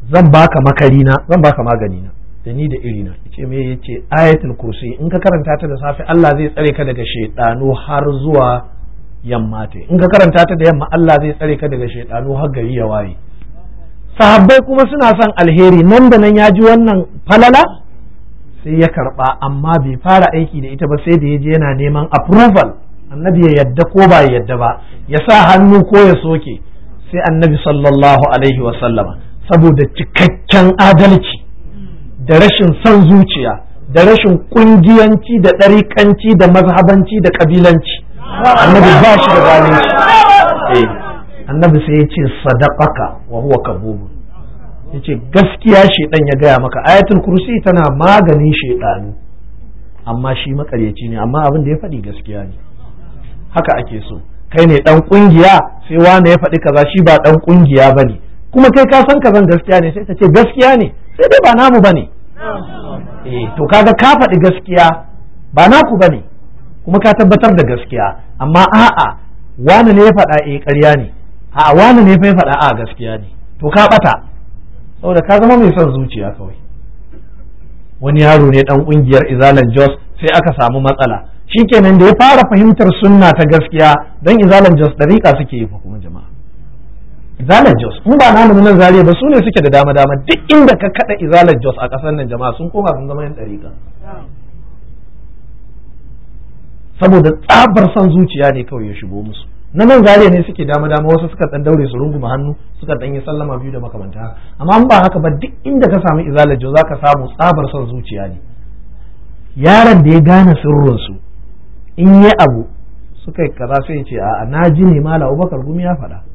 zan baka makarina zan baka maganina da ni da irina ce me yace ayatul kursi in ka karanta ta da safe Allah zai tsare ka daga shaidanu har zuwa yamma ta in ka karanta ta da yamma Allah zai tsare ka daga shaidanu har gari ya waye sahabbai kuma suna son alheri nan da nan ya ji wannan falala sai ya karba amma bai fara aiki da ita ba sai da ya je yana neman approval annabi ya yadda ko ba ya yadda ba ya sa hannu ko ya soke sai annabi sallallahu alaihi sallama saboda cikakken adalci da rashin son zuciya da rashin kungiyanci da ɗarikanci, da mazhabanci da ƙabilanci annabi ba shi da zalunci eh, annabi sai ya ce sadaqaka wa huwa kabubun ya ce gaskiya shedan ya gaya maka ayatul kursi tana maganin shedanu amma shi makaryaci ne amma abin da ya faɗi gaskiya ne haka ake so kai ne dan kungiya sai wane ya faɗi kaza shi ba dan kungiya bane kuma kai ka san kazan gaskiya ne sai ta ce gaskiya ne sai dai ba namu bane eh to kaga ka faɗi gaskiya ba naku bane kuma ka tabbatar da gaskiya amma a'a wani ne ya faɗa eh ƙarya ne a'a wani ne ya faɗa a gaskiya ne to ka ɓata saboda ka zama mai son zuciya kawai wani yaro ne dan ƙungiyar izalan jos sai aka samu matsala shikenan da ya fara fahimtar sunna ta gaskiya dan izalan jos dariƙa suke yi fa kuma jama'a izalar jos in ba namu nan zariya ba su ne suke da dama dama duk inda ka kada izalar jos a kasar nan jama'a sun koma sun zama yan dariƙa saboda tsabar son zuciya ne kawai ya shigo musu na nan zariya ne suke dama dama wasu suka dan daure su runguma hannu suka dan yi sallama biyu da makamanta amma in ba haka ba duk inda ka samu izalar jos zaka samu tsabar son zuciya ne yaron da ya gane sirrin su in yi abu suka yi kaza sai ya ce a'a na ji ne mala abubakar gumi ya faɗa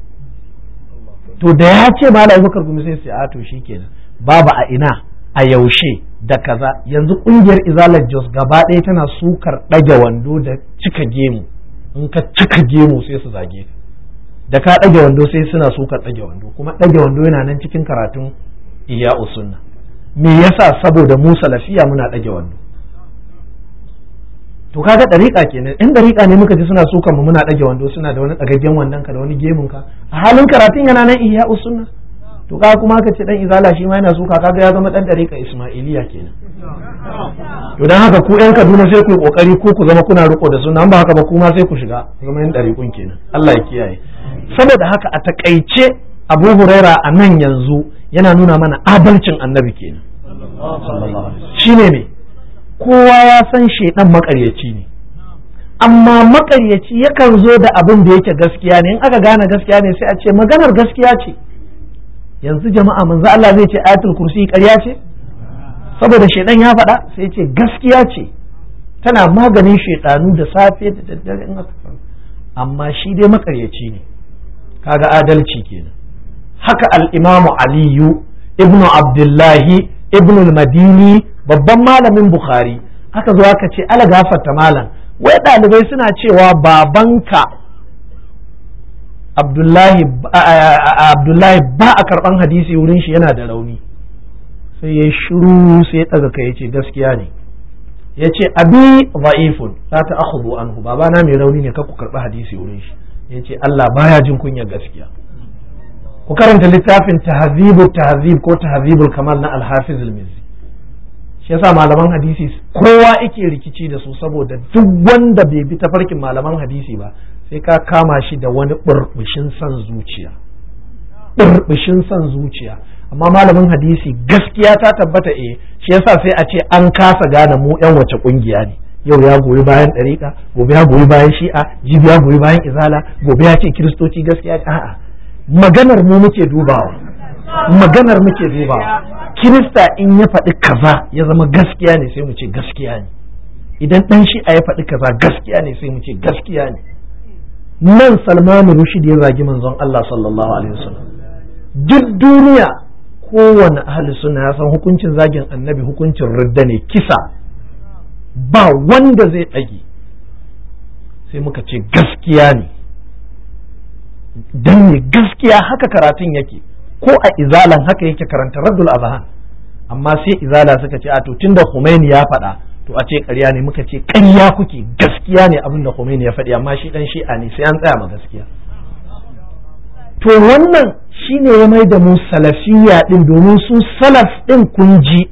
to da ya ce malam abubakar gumi sai sai a ah, to kenan, babu a ina a yaushe da kaza yanzu kungiyar izalar jos gaba ɗaya tana sukar ɗage wando da cika gemu in ka cika gemu sai su zage ka da ka ɗage wando sai suna sukar ɗage wando kuma ɗage wando yana nan cikin karatun iya usunna me yasa saboda mu salafiya muna ɗage wando to kaga dariƙa kenan in dariƙa ne muka ji suna sukan mu muna ɗage wando suna da wani ɗagaggen wandon ka da wani gemun ka a halin karatun yana nan iya usunna to kaga kuma ka ce dan izala shi ma yana suka kaga ya zama dan dariƙa ismailiya kenan to dan haka ku yan Kaduna sai ku yi kokari ko ku zama kuna riko da suna? ba haka ba kuma sai ku shiga zama yan dariƙun kenan Allah ya kiyaye saboda haka a takaice Abu Huraira a nan yanzu yana nuna mana adalcin annabi kenan shine kowa ya san shaidan makaryaci ne amma makaryaci yakan zo da abin da yake gaskiya ne in aka gane gaskiya ne sai a ce maganar gaskiya ce yanzu jama'a manzo Allah zai ce ayatul kursi ƙarya ce saboda shaidan ya faɗa sai ce gaskiya ce tana maganin shedanu da safe da daddare amma shi dai makaryaci ne kaga adalci kenan haka al-imamu aliyu ibnu abdullahi ibnul madini babban malamin bukhari aka zo aka ce ala gafarta malam wai ɗalibai suna cewa babanka abdullahi ba a karɓan hadisi wurin shi yana da rauni sai ya shiru sai ya ɗaga kai ya ce gaskiya ne ya ce abi za'ifun za ta akhudu anhu babana mai rauni ne ka ku karɓi hadisi wurin shi ya ce Allah baya jin kunyar gaskiya ku karanta littafin tahzibut tahzib ko tahzibul kamal na al-hafiz al-mizzi shi yasa malaman hadisi kowa yake rikici da su saboda duk wanda bai bi tafarkin malaman hadisi ba sai ka kama shi da wani burbushin san zuciya burbushin son zuciya amma malamin hadisi gaskiya ta tabbata eh shi yasa sai a ce an kasa gane mu yan wace kungiya ne yau ya goyi bayan ɗariƙa gobe ya goyi bayan shi'a jibi ya goyi bayan izala gobe ya ce kiristoci gaskiya a'a maganar mu muke dubawa maganar muke dubawa kirista in ya faɗi kaza ya zama gaskiya ne sai mu ce gaskiya ne idan ɗan a ya faɗi kaza gaskiya ne sai mu ce gaskiya ne nan salmanu rushid ya zagi manzon Allah sallallahu alaihi wasallam duk duniya kowane ahli suna ya san hukuncin zagin annabi hukuncin ridda ne kisa ba wanda zai ɗage sai muka ce gaskiya ne dan ne gaskiya haka karatun yake ko a izalan haka yake karanta raddul azhan amma sai izala suka ce a to tunda Khomeini ya faɗa to a ce ƙarya ne muka ce ƙarya kuke gaskiya ne abin da Khomeini ya faɗi amma shi dan shi'a ne sai an tsaya ma gaskiya to wannan shine ya mai da mu salafiyya din domin su salaf din kun ji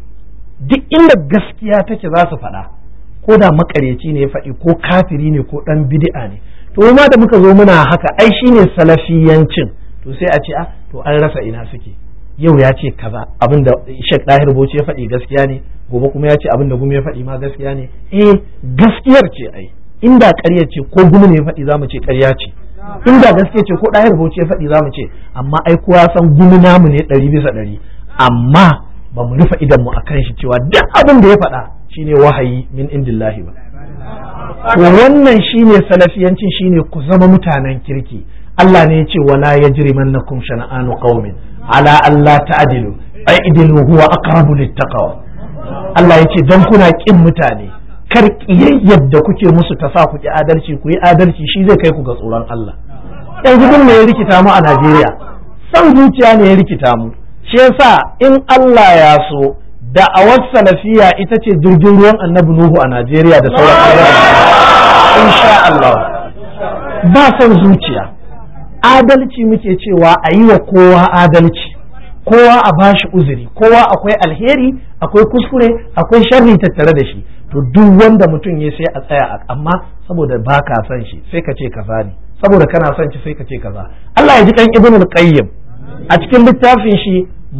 duk inda gaskiya take za su faɗa ko da makareci ne ya faɗi ko kafiri ne ko ɗan bidi'a ne to ma da muka zo muna haka ai shine salafiyancin to sai a ce a ah, to an rasa ina suke yau ya ce kaza abin da Dahir boci ya faɗi gaskiya ne gobe kuma ya ce abin da gumi ya faɗi ma gaskiya ne eh gaskiyar ce ai inda ƙarya ce ko gumi ne ya faɗi zamu ce ƙarya ce inda gaskiya ce ko Dahir boci ya faɗi zamu ce amma ai kowa san gumi namu ne ɗari bisa ɗari amma ba mu rufe idan mu kan shi cewa duk abin da ya faɗa shine wahayi min indillahi ba wannan shine salafiyancin shine ku zama mutanen kirki Allah ne ya ce wala yajrimannakum shana'anu qaumin ala alla ta'dilu aidilu huwa aqrabu littaqwa Allah ya ce dan kuna kin mutane kar kiyayyar da kuke musu ta sa ku ki adalci ku yi adalci shi zai kai ku ga tsoron Allah yanzu duk ne ya rikita mu a Najeriya san zuciya ne ya rikita mu shi yasa in Allah ya so Da a wasu salafiya ita ce jirgin ruwan annabi nuhu a najeriya da sauran insha Allah ba son zuciya adalci muke cewa a yi wa kowa adalci kowa a bashi uzuri kowa akwai alheri akwai kuskure akwai sharri tattare da shi to duk wanda mutum ya sai a tsaya amma saboda ba ka son shi sai ka ce kaza ne saboda kana son shi sai ka ce kaza Allah ya ji kan ibnul qayyim a cikin littafin shi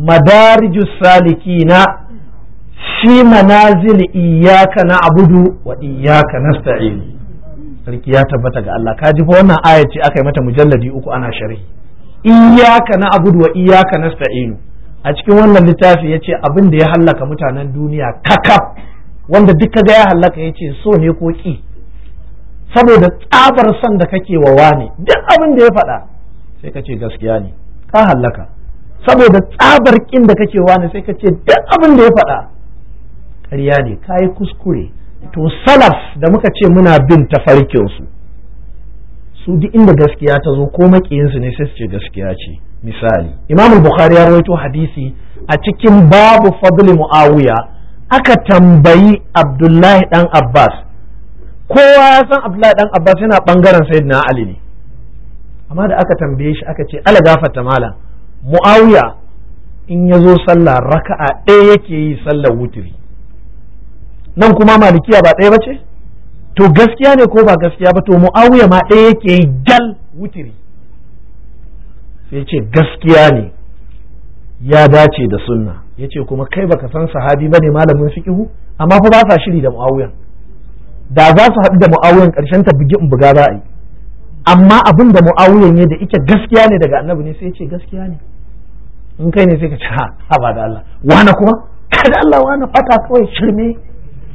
madarijus salikina shi manazil iyyaka na'budu wa iyyaka nasta'in sarki ya tabbata ga Allah kaji fa wannan aya ce aka yi mata mujalladi uku ana sharhi iyyaka na'budu wa iyyaka nasta'in a cikin wannan littafin yace abin da ya hallaka mutanen duniya kakaf wanda duk kaga ya hallaka yace so ne ko ki saboda tsabar son da kake wa wane duk abin da ya faɗa sai ka gaskiya ne ka hallaka saboda tsabar kin da kake wane sai ka ce duk abin da ya faɗa ƙarya ne ka yi kuskure to salaf da muka ce muna bin tafarkinsu su duk inda gaskiya ta zo ko maƙiyinsu ne sai su ce gaskiya ce misali imamul bukhari ya rawaito hadisi a cikin babu fadli muawiya aka tambayi abdullahi dan abbas kowa ya san abdullahi dan abbas yana bangaren sayyidina ali ne amma da aka tambaye shi aka ce ala ta malam muawiya in ya zo sallah raka'a ɗaya yake yi sallar wutiri nan kuma malikiya ba ɗaya ba ce to gaskiya ne ko ba gaskiya ba to mu'awiya ma ɗaya yake yi gal wutiri sai ce gaskiya ne ya dace da sunna ya ce kuma kai baka san sahabi ba ne malamin fiƙihu amma fa ba sa shiri da mu'awiya da za su haɗu da mu'awiya ƙarshen ta bugi in buga za a yi amma abin da mu'awiya ne da ike gaskiya ne daga annabi ne sai ce gaskiya ne in kai ne sai ka ce ha ba da Allah wani kuma kada Allah wani fata kawai shirme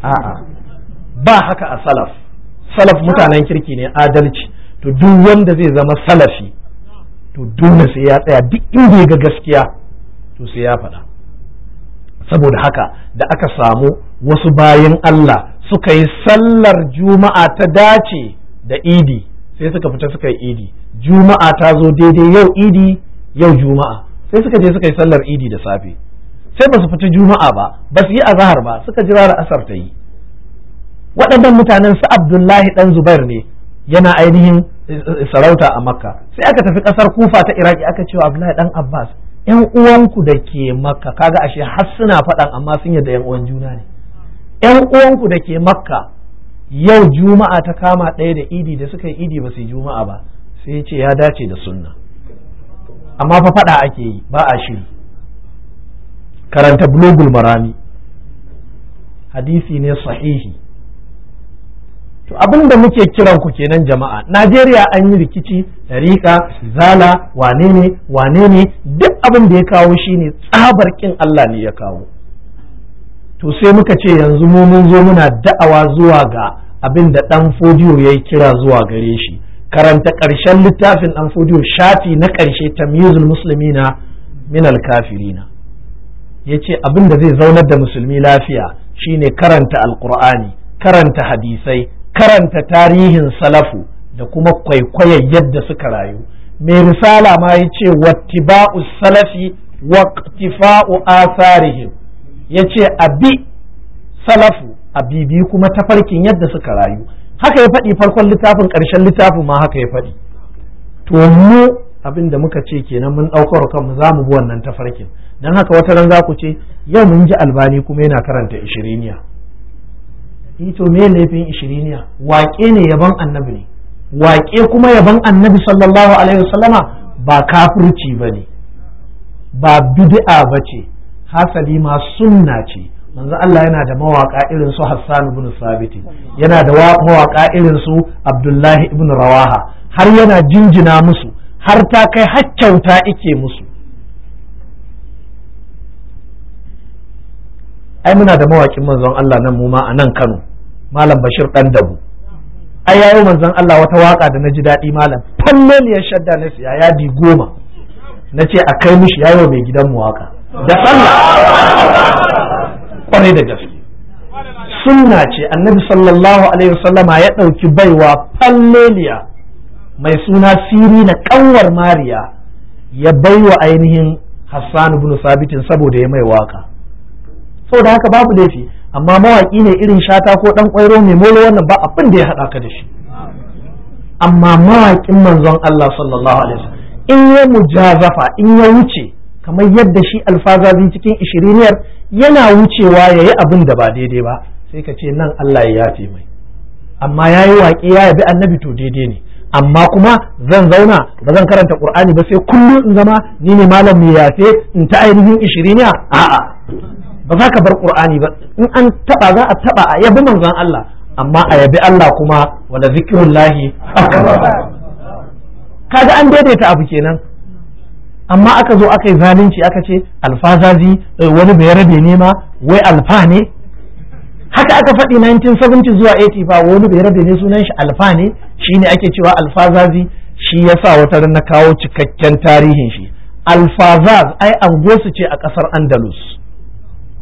a'a ba haka a salaf salaf mutanen kirki ne adalci to duk wanda zai zama salafi to dole sai ya tsaya duk inda ya ga gaskiya to sai ya faɗa saboda haka da aka samu wasu bayan Allah suka yi sallar juma'a ta dace da idi sai suka fita suka yi idi juma'a ta zo daidai yau idi yau juma'a sai suka je suka yi sallar idi da safe sai ba su fita juma'a ba ba su yi azahar ba suka jira da asar ta yi waɗannan mutanen su abdullahi ɗan zubair ne yana ainihin eh, eh, sarauta a makka sai aka tafi ƙasar kufa ta iraki aka cewa wa abdullahi dan abbas yan uwanku da ke makka kaga ashe har suna faɗan amma sun yadda yan uwan juna ne yan uwanku da ke makka yau juma'a ta kama ɗaya da idi da suka yi idi ba su yi juma'a ba sai ce ya dace da sunna amma fa faɗa ake yi ba a shiri karanta blogul marami hadisi ne sahihi to abinda muke kiran ku kenan jama'a najeriya an yi rikici dariƙa zala wane ne wane ne duk abin da ya kawo shine tsabar kin allah ne ya kawo to sai muka ce yanzu mu mun zo muna da'awa zuwa ga abin da ɗan fodiyo ya kira zuwa gare shi karanta ƙarshen littafin ɗan fodiyo shafi na ƙarshe tamyizul muslimina min kafirina ya ce abin da zai zaunar da musulmi lafiya shine karanta alkur'ani karanta hadisai karanta tarihin salafu da kuma kwaikwayar yadda suka rayu mai risala ma ya ce wattiba'u salafi waqtifa'u atharihim ya ce abi salafu a bibi kuma tafarkin yadda suka rayu haka ya faɗi farkon littafin ƙarshen littafin ma haka ya faɗi to mu abin da muka ce kenan mun ɗaukar kanmu za mu bi wannan tafarkin don haka wata ran za ku ce yau mun ji albani kuma yana karanta ishiriniya ito eh, me laifin ishiriniya waƙe ne yaban annabi ne waƙe kuma yaban annabi sallallahu alaihi wasallama ba kafirci ba ne ba bid'a ba ce hasali ma sunna ce manzo Allah yana da mawaka irin su Hassan ibn Sabiti yana da mawaka irin su Abdullahi ibn Rawaha har yana jinjina musu har ta kai haccauta ike musu ai muna da mawakin manzon Allah nan mu ma a nan Kano malam Bashir dan dabu ai yayi manzon Allah wata waka da na ji daɗi malam ya shadda na siya yadi goma Na ce a kai mishi yayo mai gidan mu waka da sallah kwarai da gaske sunna ce annabi sallallahu alaihi wasallama ya ɗauki baiwa falleliya mai suna siri na ƙanwar mariya ya bai wa ainihin hassan ibn sabitin saboda ya mai waka Sau da haka babu laifi amma mawaki ne irin shata ko dan kwairo mai molo wannan ba abin da ya haɗa ka da shi amma mawakin manzon Allah sallallahu alaihi wasallam in ya mujazafa in ya wuce kamar yadda shi alfazazi cikin ishiriniyar yana wucewa ya yi abin da ba daidai ba sai ka ce nan Allah ya yafe mai amma ya yi waƙe ya yabi annabi to daidai ne amma kuma zan zauna ba zan karanta qur'ani ba sai kullum in zama ni ne malam mai yafe in ta ainihin a a'a ba za ka bar qur'ani ba in an taba za a taba a yabi manzon Allah amma a yabi Allah kuma wala zikrullahi kaga an daidaita abu kenan amma aka zo aka yi zalunci aka ce alfazazi eh, wani bai rabe ne ma wai alfa ne haka aka faɗi 1970 zuwa 80 ba wani bai rabe ne sunan shi alfa ne ne ake cewa alfazazi shi yasa wata na kawo cikakken tarihin shi alfazaz ai angosu ce a ƙasar andalus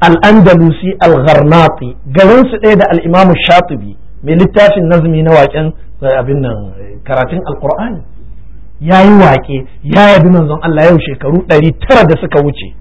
al-andalusi al-gharnati garin ɗaya da al-imam shatibi mai littafin nazmi na waƙen eh, abin nan eh, karatun Ya yayi waƙe ya yabi manzon Allah yau shekaru ɗari tara da suka wuce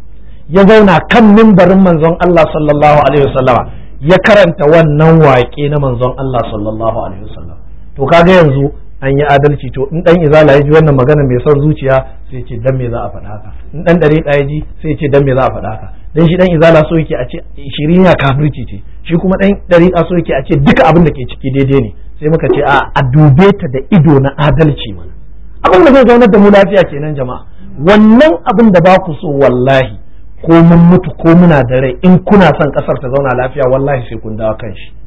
ya zauna kan mimbarin manzon Allah sallallahu alaihi wasallama ya karanta wannan waƙe na manzon Allah sallallahu alaihi wasallama to kaga yanzu an yi adalci to in dan izala ya ji wannan magana mai son zuciya sai ce dan me za a faɗa haka in dan dare ya ji sai ce dan me za a faɗa haka dan shi dan izala so yake a ce shirinya kafirci ce shi kuma dan dare so yake a ce duka abin da ke ciki daidai ne sai muka ce a dube ta da ido na adalci mana abin da zai zaunar da mu lafiya kenan jama'a wannan abin da ba ku so wallahi ko mun mutu ko muna da rai in kuna son kasar ta zauna lafiya wallahi sai kun dawo kan shi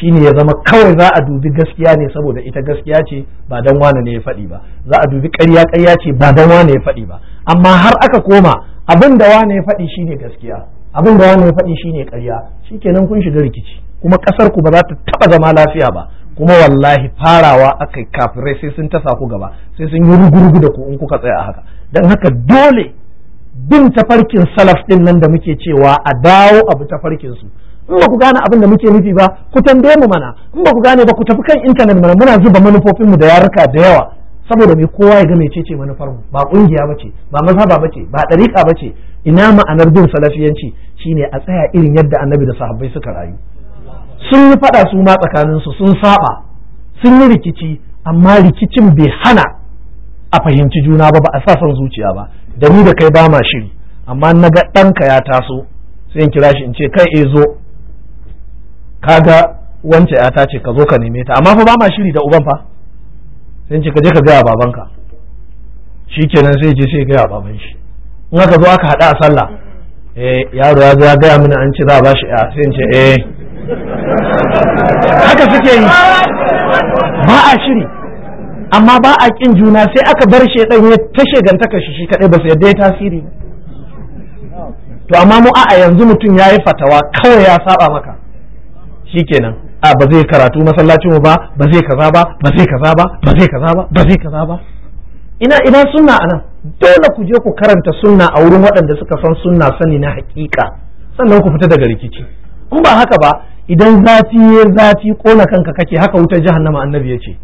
Shi ne ya zama kawai za a dubi gaskiya ne saboda ita gaskiya ce ba dan wane ne ya faɗi ba za a dubi ƙarya ƙarya ce ba dan wane ya faɗi ba amma har aka koma abin da wane ya faɗi shine gaskiya abin da wane ya faɗi shine ƙarya shikenan kun shiga rikici kuma ƙasar ku ba za ta taɓa zama lafiya ba kuma wallahi farawa aka yi kafirai sai sun tasa ku gaba sai sun yi rugurugu da ku in kuka tsaya a haka don haka dole bin tafarkin salaf ɗin nan da muke cewa a dawo abu tafarkin su in ba ku gane abin da muke nufi ba ku tambaye mu mana in ba ku gane ba ku tafi kan intanet mana muna zuba manufofin mu da yaruka da yawa saboda me kowa ya ga cece manufar mu ba kungiya bace ba mazhaba bace ba dariqa bace ina ma'anar bin salafiyanci shine a tsaya irin yadda annabi da sahabbai suka rayu sun yi fada su ma tsakanin su sun saba sun yi rikici amma rikicin bai hana a fahimci juna ba ba a sa son zuciya ba da ni da kai ba ma shiri amma na ga ɗanka ya taso sai in kira shi in ce kai e zo kaga wance ya tace ce ka zo ka neme ta amma fa ba ma shiri da uban fa sai ce ka je ka gaya babanka shikenan sai je sai gaya baban shi in aka zo aka hada a sallah eh yaro ya zo ya gaya mini an ce za a bashi ya sai ce eh haka suke yi ba a shiri amma ba a kin juna sai aka bar shi dan ya ta gantaka shi shi kadai ba sai dai tasiri to amma mu a yanzu mutum yayi fatawa kawai ya saba maka kenan a ba zai karatu masallacin mu ba ba zai kaza ba ba zai kaza ba ba zai kaza ba ba zai kaza ba ina ina sunna anan dole ku je ku karanta sunna a wurin waɗanda suka san sunna sani na haƙiƙa sannan ku fita daga rikici in ba haka ba idan zafi ya zafi kona kanka kake haka wutar jahannama annabi ya ce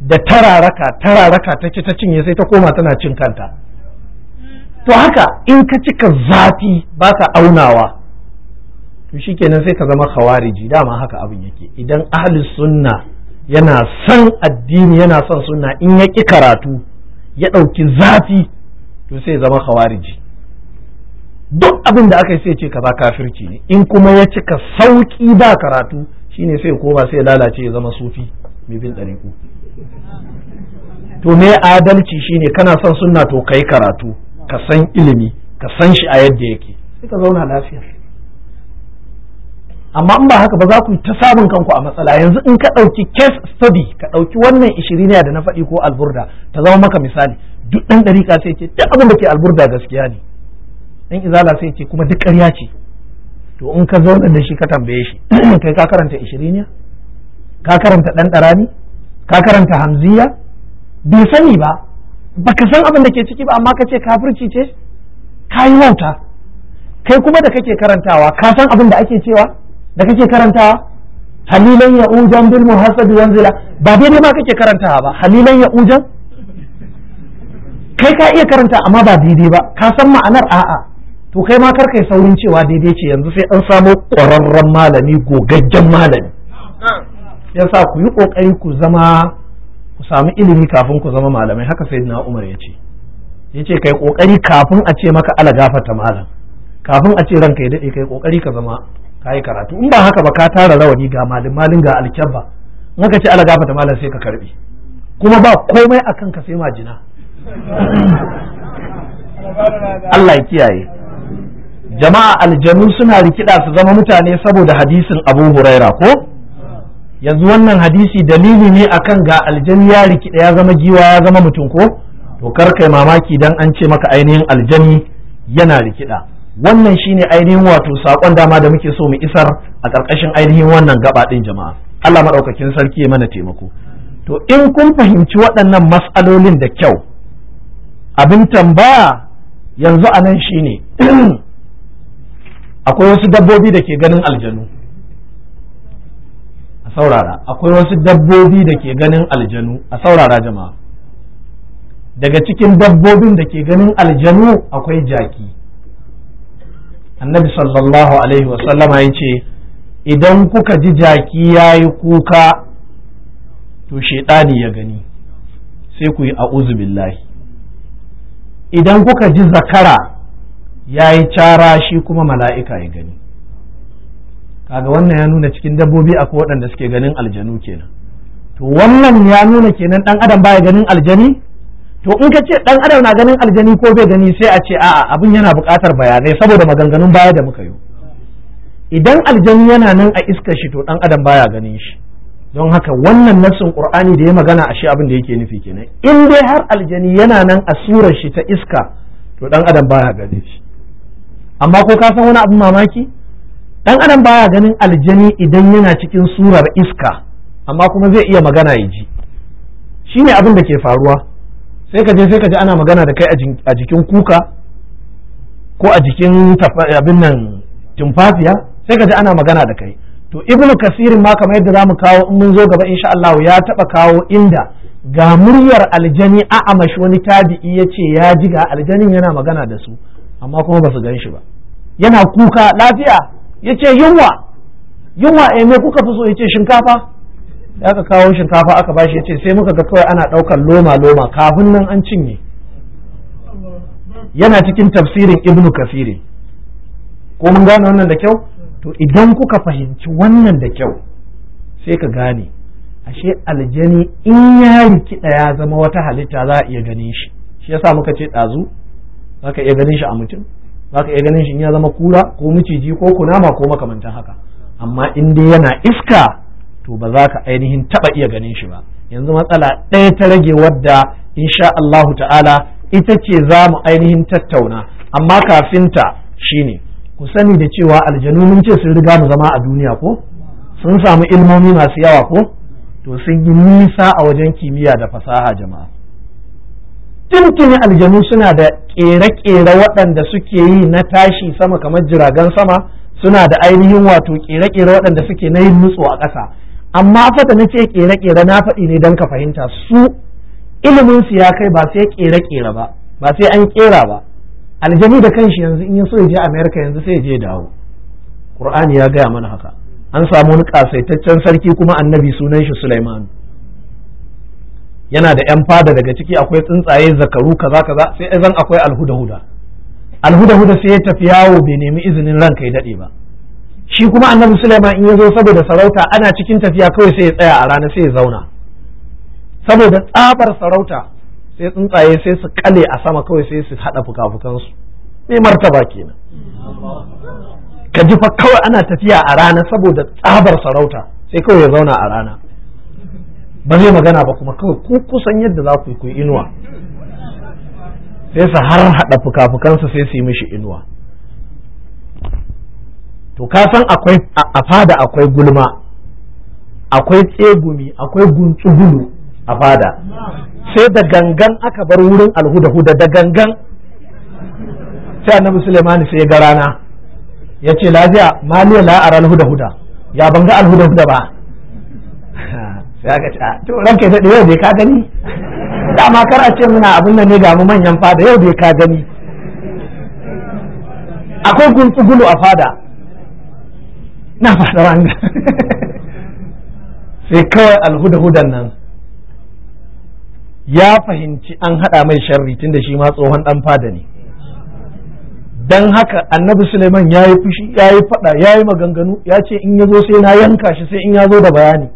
da tararaka tararaka ta ci ta cinye sai ta koma tana cin kanta to haka in ka cika zafi ba ka aunawa to kenan sai ka zama khawariji dama haka abin yake idan ahli sunna yana san addini yana son sunna in ya ƙi karatu ya ɗauki zafi to sai zama khawariji duk abin da aka yi sai ce kaza kafirci ne in kuma ya cika sauƙi ba karatu shine sai koma sai lalace ya zama sufi mai bin ɗariku to me adalci shine kana son sunna to kai karatu ka san ilimi ka san shi a yadda yake sai ka zauna lafiya amma in ba haka ba za ku ta samun kanku a matsala yanzu in ka ɗauki case study ka ɗauki wannan ishiriniya da na faɗi ko alburda ta zama maka misali duk ɗan ɗariƙa sai ce duk abin da ke alburda gaskiya ne ɗan izala sai ce kuma duk ƙarya ce to in ka zauna da shi ka tambaye shi kai ka karanta ishiriniya ka karanta ɗan ɗarani ka karanta hamziya bai sani ba baka san abin da ke ciki ba amma ka ce kafirci ce ka yi wauta kai kuma da kake karantawa ka san abin da ake cewa da kake karanta halilan ya ujan bil muhasabi wanzila ba daidai ma kake karanta ba halilan ya ujan kai ka iya karanta amma ba daidai ba ka san ma'anar a'a to kai ma karkai saurin cewa daidai ce yanzu sai an samo ƙwararren malami gogaggen malami Ya sa ku yi ƙoƙari ku zama ku sami ilimi kafin ku zama malamai haka sai na umar ya ce ya ce kai ƙoƙari kafin a ce maka ala gafarta malam kafin a ce ranka ya daɗe kai ƙoƙari ka zama ka yi karatu in ba haka ba ka tara rawani ga malin malin ga alkyabba in ka ce ala gafata malam sai ka karbi kuma ba komai a kanka sai majina Allah ya kiyaye jama'a aljanu suna rikida su zama mutane saboda hadisin abu huraira ko yanzu wannan hadisi dalili ne akan ga aljani ya rikida ya zama giwa ya zama mutum ko to kar kai mamaki dan an ce maka ainihin aljani yana rikida wannan shine ainihin wato saƙon dama da muke so mu isar a ƙarƙashin ainihin wannan gaba ɗin jama'a Allah maɗaukakin sarki ya mana taimako to in kun fahimci waɗannan matsalolin da kyau abin tambaya yanzu a nan shine akwai wasu dabbobi da ke ganin aljanu a saurara akwai wasu dabbobi da ke ganin aljanu a saurara jama'a daga cikin dabbobin da ke ganin aljanu akwai jaki annabi sallallahu alaihi wasallama ya ce idan kuka ji jaki ya yi kuka to shaidani ya gani sai ku yi a'uzu billahi idan kuka ji zakara ya yi cara shi kuma mala'ika ya gani kaga wannan ya nuna cikin dabbobi a waɗanda suke ganin aljanu kenan to wannan ya nuna kenan ɗan adam baya ganin aljani to in ka ce dan adam na ganin aljani ko bai gani sai a ce a'a abin yana buƙatar bayanai saboda maganganun baya da muka yi idan aljani yana nan a iskar shi to dan adam baya ganin shi don haka wannan nassin qur'ani da ya magana a shi abin da yake nufi kenan in dai har aljani yana nan a surar shi ta iska to dan adam baya ganin shi amma ko ka san wani abin mamaki Ɗan adam baya ganin aljani idan yana cikin surar iska amma kuma zai iya magana ya ji Shi ne abin da ke faruwa sai ka je sai ka ji ana magana da kai a jikin kuka ko a jikin abin nan tumfafiya sai ka ji ana magana da kai to ibnu kasirin ma kamar yadda zamu kawo in mun zo gaba insha Allah ya taba kawo inda ga muryar aljani a mashi wani tabi'i yace ya ji ga aljanin yana magana da su amma kuma ba su gan shi ba yana kuka lafiya yace yunwa yunwa eh me kuka fi so yace shinkafa da aka kawo shinkafa aka bashi ya ce sai muka ga kawai ana ɗaukar loma loma kafin nan an cinye yana cikin tafsirin ibnu kasiri ko mun gane wannan da kyau to idan kuka fahimci wannan da kyau sai ka gane ashe aljani in ya rikida ya zama wata halitta za a iya ganin shi shi yasa muka ce ɗazu za ka iya ganin shi a mutum za ka iya ganin shi in ya zama kura ko miciji ko kunama ko makamantan haka amma in dai yana iska to ba za ka ainihin taɓa iya ganin shi ba yanzu matsala ɗaya ta rage wadda insha Allahu ta'ala ita ce za mu ainihin tattauna amma kafinta shine ku sani da cewa aljanu mun ce sun riga mu zama a duniya ko sun samu ilmomi masu yawa ko to sun yi nisa a wajen kimiyya da fasaha jama'a tuntuni aljanu suna da kere-kere waɗanda suke yi na tashi sama kamar jiragen sama suna da ainihin wato kere-kere waɗanda suke na yin nutso a ƙasa amma fata na ce kere-kere na faɗi ne don ka fahimta su ilimin su ya kai ba sai kere-kere ba ba sai an kera ba Aljami da kanshi yanzu in ya so ya je america yanzu sai ya je dawo qur'ani ya gaya mana haka an samu wani kasaitaccen sarki kuma annabi sunan shi sulaiman yana da yan fada daga ciki akwai tsuntsaye zakaru kaza kaza sai zan akwai alhuda-huda alhuda-huda sai ya tafi yawo bai nemi izinin ranka ya daɗe ba shi kuma annabi Sulaiman in ya zo saboda sarauta ana cikin tafiya kawai sai ya tsaya a rana sai ya zauna saboda tsabar sarauta sai tsuntsaye sai su kale a sama kawai sai su hada fuka-fukansu ne martaba kenan ka ji fa kawai ana tafiya a rana saboda tsabar sarauta sai kawai ya zauna a rana ba zai magana ba kuma kawai ku kusan yadda za ku yi inuwa sai su har hada fuka-fukansu sai su yi mishi inuwa to ka san akwai a fada akwai gulma akwai tsegumi akwai guntsugulu a fada sai da gangan aka bar wurin alhuda-huda da gangan sai annabi Suleimani sai ga rana ya ce lafiya maliya la'ar alhuda-huda ya banga alhuda-huda ba sai aka ce ah, to ranka ya daɗe yau bai ka gani dama kar a ce muna abin nan ne ga mu manyan fada yau bai ka gani akwai guntsugulu a fada na faɗa wanga sai kawai alhuda-hudan nan ya fahimci an haɗa mai sharri tunda shi ma tsohon ɗan fada ne dan haka annabi suleiman ya yi fushi ya yi faɗa ya yi maganganu ya ce in ya zo sai na yanka shi sai in ya zo da bayani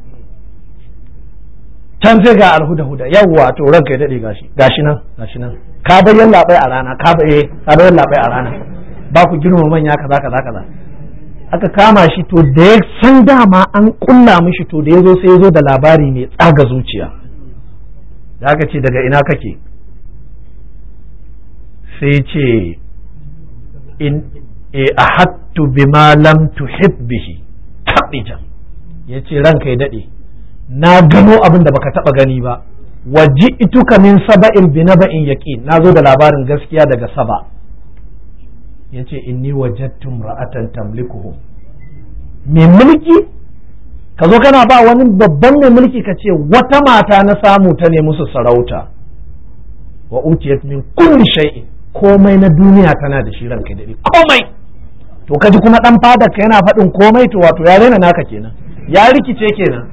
can sai ga alhuda-huda yawwa to ranka ya daɗe gashi gashi nan gashi nan ka bayyana labai a rana ka bayyana eh, labai a rana ba ku girma manya kaza kaza kaza aka kama shi to da ya san dama an kulla mishi to da ya zo sai ya zo da labari mai tsaga zuciya da aka ce daga ina kake sai ce in e ahattu bima lam tuhib bihi ya yace ranka ya dade na gano abin da baka taɓa gani ba waji ituka min saba'in bi naba'in yaqin na zo da labarin gaskiya daga saba yace inni wajadtu ra'atan tamlikuhu mai mulki ka zo kana ba wani babban mai mulki ka ce wata mata na samu ta ne musu sarauta wa utiyat min kulli shay'in komai na duniya tana da shi ranka dare komai to kaji kuma dan fadar ka yana faɗin komai to wato ya rena naka kenan ya rikice kenan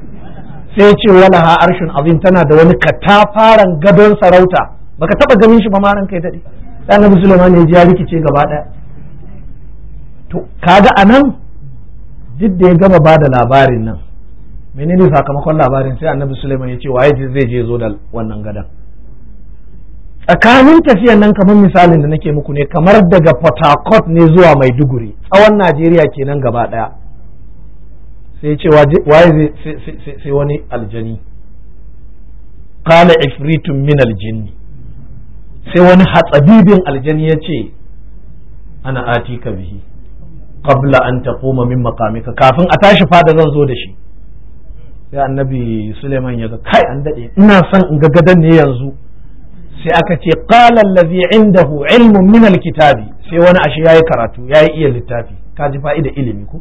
sai ce wala ha arshin azim tana da wani katafaran gadon sarauta baka taba ganin shi ba ma ranka dare dan Nabi Sulaiman ya ji ya rikice gaba daya to kaga anan duk da ya gama ba da labarin nan menene sakamakon labarin sai annabi Sulaiman ya ce waye zai je zo da wannan gadan tsakanin tafiyan nan kamar misalin da nake muku ne kamar daga Port Harcourt ne zuwa Maiduguri tsawon Najeriya kenan gaba ɗaya. sai ce waye sai wani aljani qala ifritun min aljinni sai wani hatsabibin aljani ya ce ana atika bihi Kabla an taquma min maqamika kafin a tashi fada zan zo da shi sai annabi suleiman ya ga kai ina son in ga gadon ne yanzu sai aka ce qala allazi indahu ilmun min alkitabi sai wani ashe yayi karatu yayi iya littafi ka ji fa'ida ilimi ko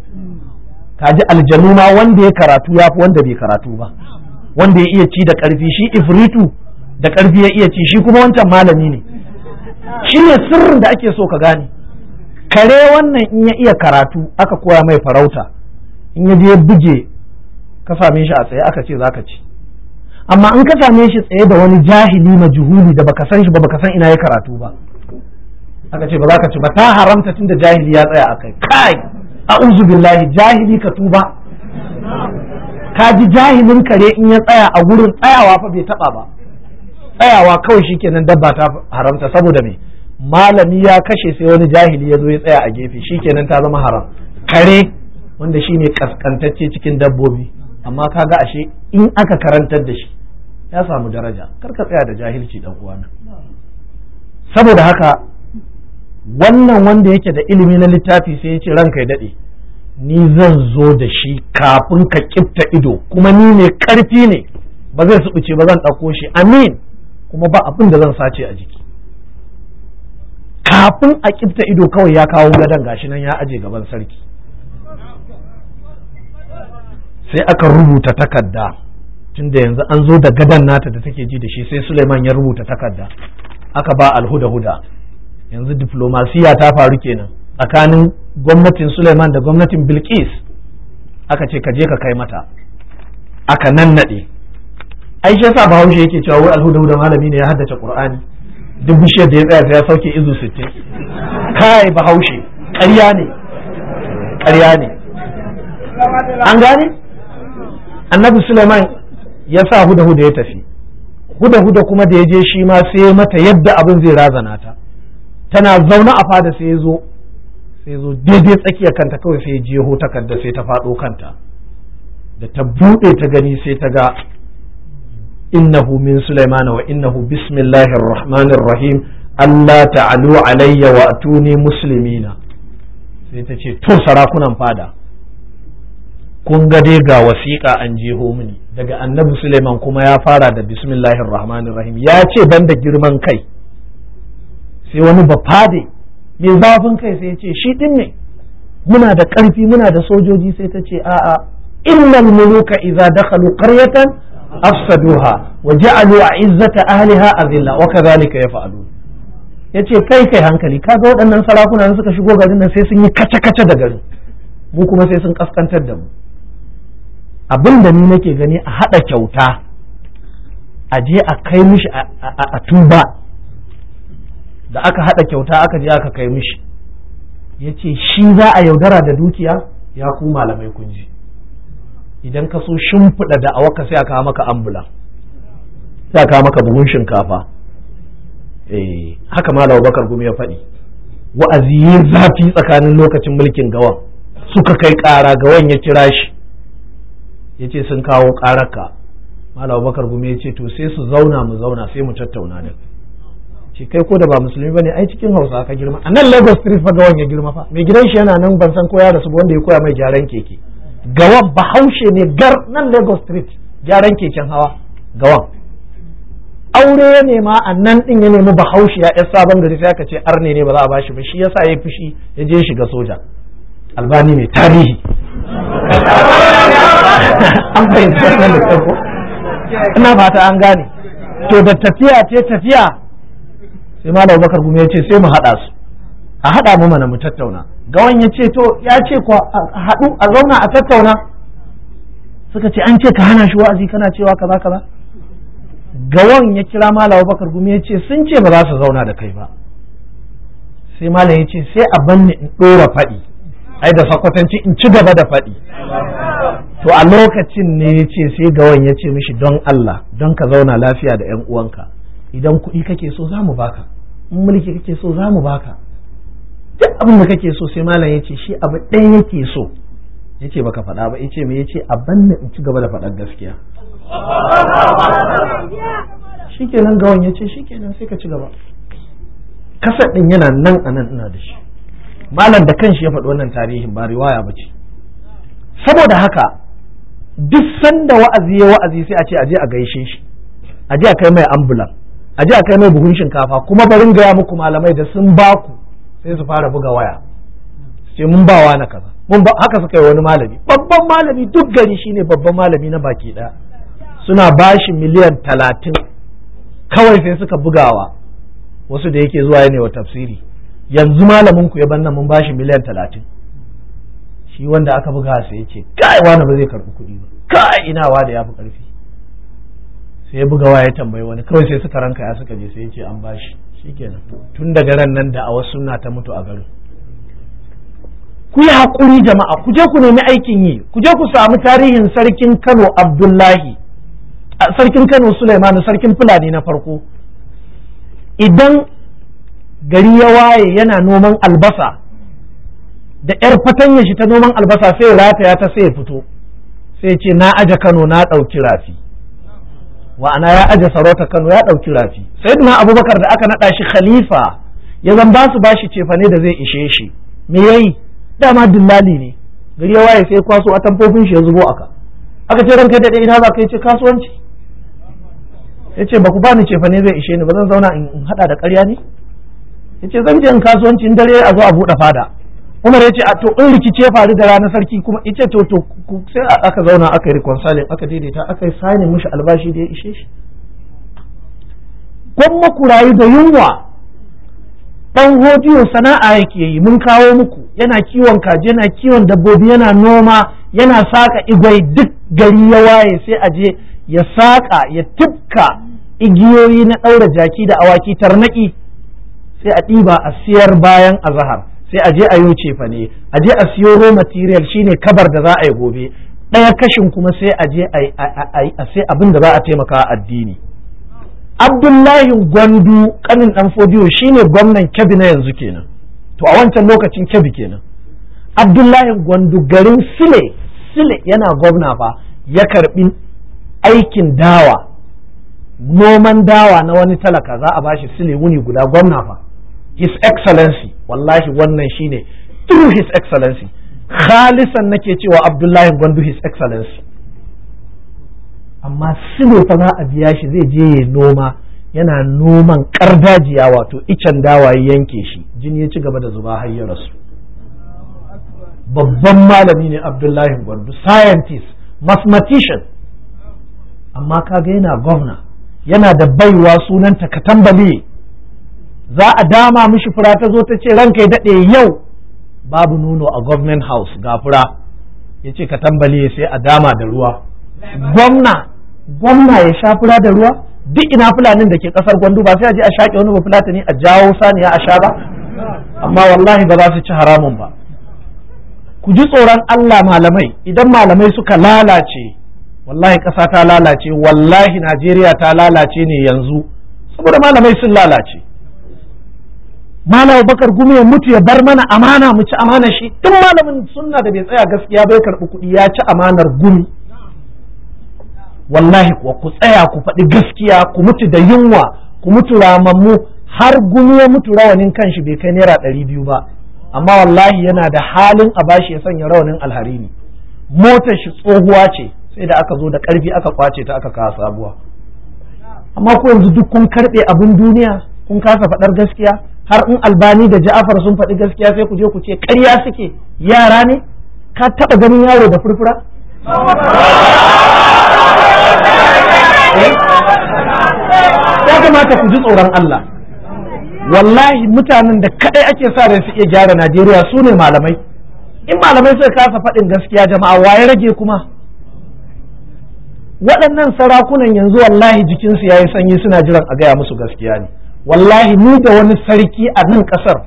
ka ji aljanu ma wanda ya karatu yafi wanda bai karatu ba wanda ya iya ci da karfi shi ifritu da ƙarfi ya iya ci shi kuma wancan malami ne shine sirrin da ake so ka gane kare wannan in ya iya karatu aka koya mai farauta in ya je buge ka same shi a tsaye aka ce zaka ci amma in ka same shi tsaye da wani jahili majuhuli da baka san shi ba baka san ina ya karatu ba aka ce ba za ka ci ba ta haramta tunda jahili ya tsaya a kai a'udhu billahi jahili ka tuba ka ji jahilin kare in ya tsaya a gurin tsayawa fa bai taba ba tsayawa kawai shikenan dabba ta haramta saboda me malami ya kashe sai wani jahili ya zo ya tsaya a gefe shikenan ta zama haram kare wanda shi ne kaskantacce cikin dabbobi amma kaga ashe in aka karantar da shi ya samu daraja kar ka tsaya da jahilci dan uwana saboda haka wannan wanda yake da ilimi na littafi sai ya ce ranka ya dade ni zan zo da shi kafin ka kifta ido kuma ni ne karfi ne ba zai subuce ba zan ɗauko shi amin kuma ba abin da zan sace a jiki kafin a kifta ido kawai ya kawo gadon gashi nan ya aje gaban sarki sai aka rubuta takarda tunda yanzu an zo da gadon nata da take ji da shi sai suleiman ya rubuta takarda aka ba alhuda huda yanzu diplomasiya ta faru kenan tsakanin gwamnatin suleiman da gwamnatin bilkis aka ce ka je ka kai mata aka nannaɗe ai shi yasa bahaushe yake cewa wai alhuda huda malami ne ya haddace qur'ani duk bishiyar da ya tsaya ya sauke izu sittin kai bahaushe ƙarya ne ƙarya ne an gane annabi suleiman ya sa huda huda ya tafi huda huda kuma da ya je shi ma sai ya mata yadda abin zai razana ta tana zaune a fada sai ya zo sai ya zo daidai tsakiyar kanta kawai sai ya je takarda sai ta faɗo kanta da ta buɗe ta gani sai ta ga innahu min sulaimana wa innahu bismillahir rahmanir rahim Allah ta'alu alayya wa musulmi na. sai ce to sarakunan fada kun ga dai wasiƙa an jeho mini daga annabi Suleman kuma ya fara da bismillahir rahmanir rahim ya ce banda girman kai sai wani bafade mai zafin kai sai ya ce shi din ne muna da ƙarfi muna da sojoji sai ta ce a'a innal muluka idza dakhalu qaryatan afsaduha wa ja'alu izzata ahliha azilla wa kadhalika yaf'alun yace kai kai hankali kaga waɗannan sarakuna suka shigo garin nan sai sun yi kace kace da garin mu kuma sai sun kaskantar da mu abin da ni nake gani a hada kyauta a je a kai mishi a tuba da aka hada kyauta aka je aka kai mishi yace shi za a yaudara da dukiya ya ku malamai kunji idan ka so shimfiɗa da waka sai aka maka ambula sai aka maka buhun shinkafa eh haka malam bakar gumi ya faɗi wa'azi yi zafi tsakanin lokacin mulkin gawan suka kai ƙara gawan ya kira shi ya ce sun kawo ƙararka malam bakar gumi ya ce to sai su zauna mu zauna sai mu tattauna da shi kai ko da ba musulmi bane ai cikin hausa ka girma a nan lagos street fa gawan ya girma fa mai gidan shi yana nan ban san ko ya rasu wanda ya koya mai gyaran keke gawan bahaushe ne gar nan lagos street gyaran keken hawa gawan aure ya nema a nan ɗin ya nemi bahaushe ya ban gari sai aka ce arne ne ba za a bashi ba shi yasa ya fushi ya je shiga soja albani mai tarihi an fahimci wannan da farko ina fata an gane to da tafiya ce tafiya sai malam bakar gumi ya ce sai mu haɗa su a haɗa mu mana mu tattauna gawan ya ce to ya ce ku haɗu a zauna a tattauna suka ce an ce ka hana shi wa'azi kana cewa kaza kaza gawan ya kira malawa bakar gumi ya ce sun ce ba za su zauna da kai ba sai malam ya ce sai a banne in ɗora faɗi ai da sakwatanci in ci gaba da faɗi to a lokacin ne ya ce sai gawan ya ce mishi don Allah don ka zauna lafiya da 'yan uwanka idan kuɗi kake so za mu baka in mulki kake so za mu baka abin da kake so sai malam ya ce shi abu ɗaya yake so ya ce baka faɗa ba ya ce me ya ce abin da in ci gaba da faɗar gaskiya shikenan gawan ya ce shikenan sai ka ci gaba kasar ɗin yana nan a nan ina da shi malam da kanshi ya faɗi wannan tarihin ba riwaya ba ce saboda haka duk sanda wa'azi ya wa'azi sai a ce aje a gaishe shi aje a kai mai ambulan aje a kai mai buhun shinkafa kuma barin gaya muku malamai da sun baku sai su fara buga waya su ce mun ba na kaza mun ba haka suka yi wani malami babban malami duk gari shine babban malami na baki ɗaya suna bashi miliyan talatin kawai sai suka bugawa wasu da yake zuwa ya wa tafsiri yanzu malamin ku ya banna mun bashi miliyan talatin shi wanda aka buga sai ya ce kai wani ba zai karɓi kuɗi ba kai ina wa da ya fi ƙarfi sai ya buga waya ya tambayi wani kawai sai suka ranka ya suka je sai ya ce an bashi shikenan tun daga ran nan da awa suna ta mutu a garin ku yi haƙuri jama'a ku je ku nemi aikin yi ku je ku samu tarihin sarkin Kano Abdullahi sarkin Kano Suleimanu sarkin Fulani na farko idan gari ya waye yana noman albasa da ‘yar fatanya shi ta noman albasa sai ya rataya ta sai ya fito sai ce na aje Kano na ɗauki rafi wa'ana ya aje sarauta Kano ya ɗauki rafi sai sayyidina abubakar da aka naɗa shi khalifa ya zan ba su bashi cefane da zai ishe shi me yayi dama dillali ne gari ya waye sai kwaso a tamfofin shi ya zubo aka aka ce ranka da ina za ka ce kasuwanci ya ce ba ku bani cefane zai ishe ni ba zan zauna in hada da ƙarya ne ya ce zan je in kasuwanci in dare a zo a buɗe fada umar ya ce a to in rikice faru da ranar sarki kuma ce to to sai aka zauna aka yi aka daidaita aka yi sani mushi albashi da ya ishe shi kun ku rayu da yunwa ɗan hodiyo sana'a yake yi mun kawo muku yana kiwon kaji yana kiwon dabbobi yana noma yana saka igwai duk gari ya waye sai a je ya saka ya tifka igiyoyi na ɗaura jaki da awaki tarnaki sai a ɗiba a siyar bayan azahar sai a je a yi cefa ne a je a siyo raw material shine kabar da za a yi gobe ɗaya kashin kuma sai a je a sai abin da za a taimaka addini abdullahi gwandu kanin dan fodiyo shine gwamnan kebbi na yanzu kenan to a wancan lokacin kebbi kenan abdullahi gwandu garin sile sile yana gwamna fa ya karbi aikin dawa noman dawa na wani talaka za a bashi sile wuni guda gwamna fa his excellency wallahi wannan shine through his excellency khalisan nake cewa abdullahi gwandu his excellency amma silo fa za a biya shi zai je ya noma yana noman kardajiya wato icen dawa ya yanke shi jini ya ci gaba da zuba har ya rasu babban malami ne abdullahi gwandu scientist mathematician amma kaga yana gwamna yana da baiwa sunanta ka tambaye. za a dama mishi fura ta zo ta ce ranka ya daɗe yau babu nuno a government house ga fura ya ce ka tambale sai a dama da ruwa gwamna gwamna ya sha fura da ruwa duk ina fulanin da ke ƙasar gwandu ba sai a je a shaƙe wani ba ne a jawo saniya a sha ba amma wallahi ba za su ci haramun ba ku ji tsoron Allah malamai idan malamai suka lalace wallahi ƙasa ta lalace wallahi Najeriya ta lalace ne yanzu saboda malamai sun lalace malam bakar gumi ya mutu ya bar mana amana mu ci amana shi tun malamin sunna da bai tsaya gaskiya bai karɓi kuɗi ya ci amanar gumi wallahi kuwa ku tsaya ku faɗi gaskiya ku mutu da yunwa ku mutu ramammu har gumi ya mutu rawanin kanshi bai kai naira ɗari biyu ba amma wallahi yana da halin a bashi ya sanya rawanin alharini motar shi tsohuwa ce sai da aka zo da ƙarfi aka kwace ta aka kawo sabuwa amma ku yanzu duk kun karɓe abin duniya kun kasa faɗar gaskiya har in albani da ja'afar sun faɗi gaskiya sai ku je ku ce ƙarya suke yara ne ka taɓa ganin yaro da furfura eh? ya kamata ku ji tsoron Allah wallahi mutanen da kadai ake sa rai su iya gyara Najeriya su ne malamai in malamai suka kasa faɗin gaskiya jama'a waye rage kuma waɗannan sarakunan yanzu wallahi jikinsu ya yi sanyi suna jiran a gaya musu gaskiya ne wallahi ni da wani sarki a nan kasar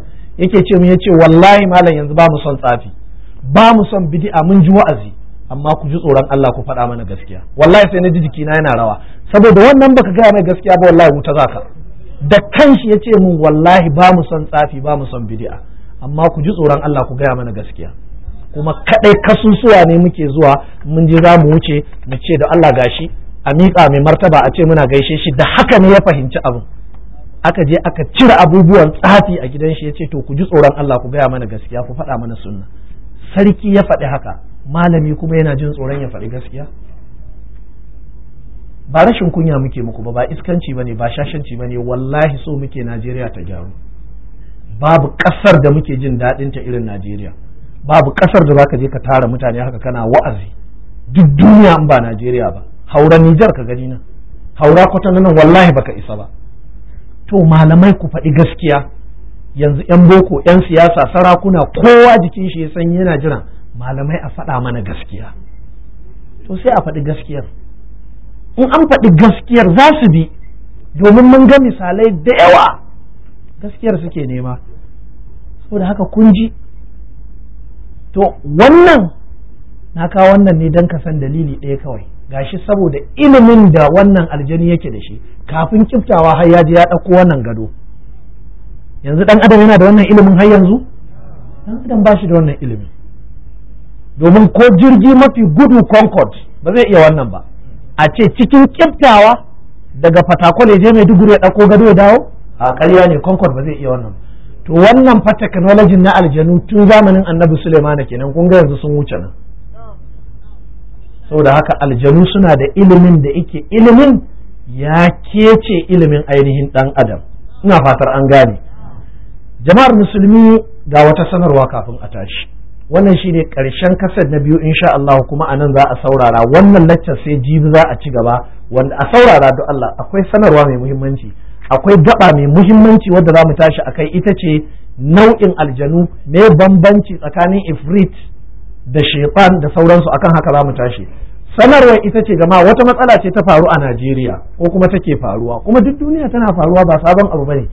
yake ce mu yace wallahi malam yanzu ba mu son tsafi ba mu son bid'a mun ji wa'azi amma ku ji tsoron Allah ku faɗa mana gaskiya wallahi sai na ji jiki na yana rawa saboda wannan baka gaya mai gaskiya ba wallahi wuta zaka da kanshi yace ce mun wallahi ba mu son tsafi ba mu son bid'a amma ku ji tsoron Allah ku gaya mana gaskiya kuma kadai kasusuwa ne muke zuwa mun je za mu wuce mu ce da Allah gashi a miƙa mai martaba a ce muna gaishe shi da haka ne ya fahimci abin aka je aka cire abubuwan tsafi a gidan shi ya ce to ku ji tsoron Allah ku gaya mana gaskiya ku faɗa mana sunna sarki ya faɗi haka malami kuma yana jin tsoron ya faɗi gaskiya ba rashin kunya muke muku ba ba iskanci bane ba shashanci bane wallahi so muke Najeriya ta gyaru babu ƙasar da muke jin daɗin ta irin Najeriya babu ƙasar da zaka je ka tara mutane haka kana wa'azi duk duniya in ba Najeriya ba haura Niger ka gani na haura kwata nan wallahi baka isa ba to malamai ku faɗi gaskiya yanzu 'yan boko 'yan siyasa sarakuna kowa jikin shi ya san yana jiran malamai a faɗa mana gaskiya to sai a faɗi gaskiyar in an faɗi gaskiyar za su bi domin mun ga misalai da yawa gaskiyar suke nema saboda haka kun ji to wannan na kawo wannan ne don ka san dalili ɗaya kawai gashi saboda ilimin da wannan aljani yake da shi kafin kiftawa har ya ya ɗauko wannan gado yanzu dan adam yana da wannan ilimin har yanzu dan adam ba shi da wannan ilimi, domin ko jirgi mafi gudu concord ba zai iya wannan ba a ce cikin kiftawa daga Fatakwal ya je mai duguri ya ɗauko gado ya dawo a ƙarya ne concord ba zai iya wannan to wannan fa technology na aljanu tun zamanin annabi suleiman kenan kun ga yanzu sun wuce nan saboda haka aljanu suna da ilimin da yake ilimin ya kece ilimin ainihin dan adam ina fatar an gane jama'ar musulmi ga wata sanarwa kafin a tashi wannan shine ƙarshen kasar na biyu insha Allah kuma a nan za a saurara wannan laccar sai jibi za a ci gaba wanda a saurara don Allah akwai sanarwa mai muhimmanci akwai gaba mai muhimmanci wadda za mu tashi akai ita ce nau'in aljanu mai bambanci tsakanin ifrit da shefan da sauransu akan haka za mu tashi sanarwar ita ce gama wata matsala ce ta faru a Najeriya ko kuma take faruwa kuma duk duniya tana faruwa ba sabon abu bane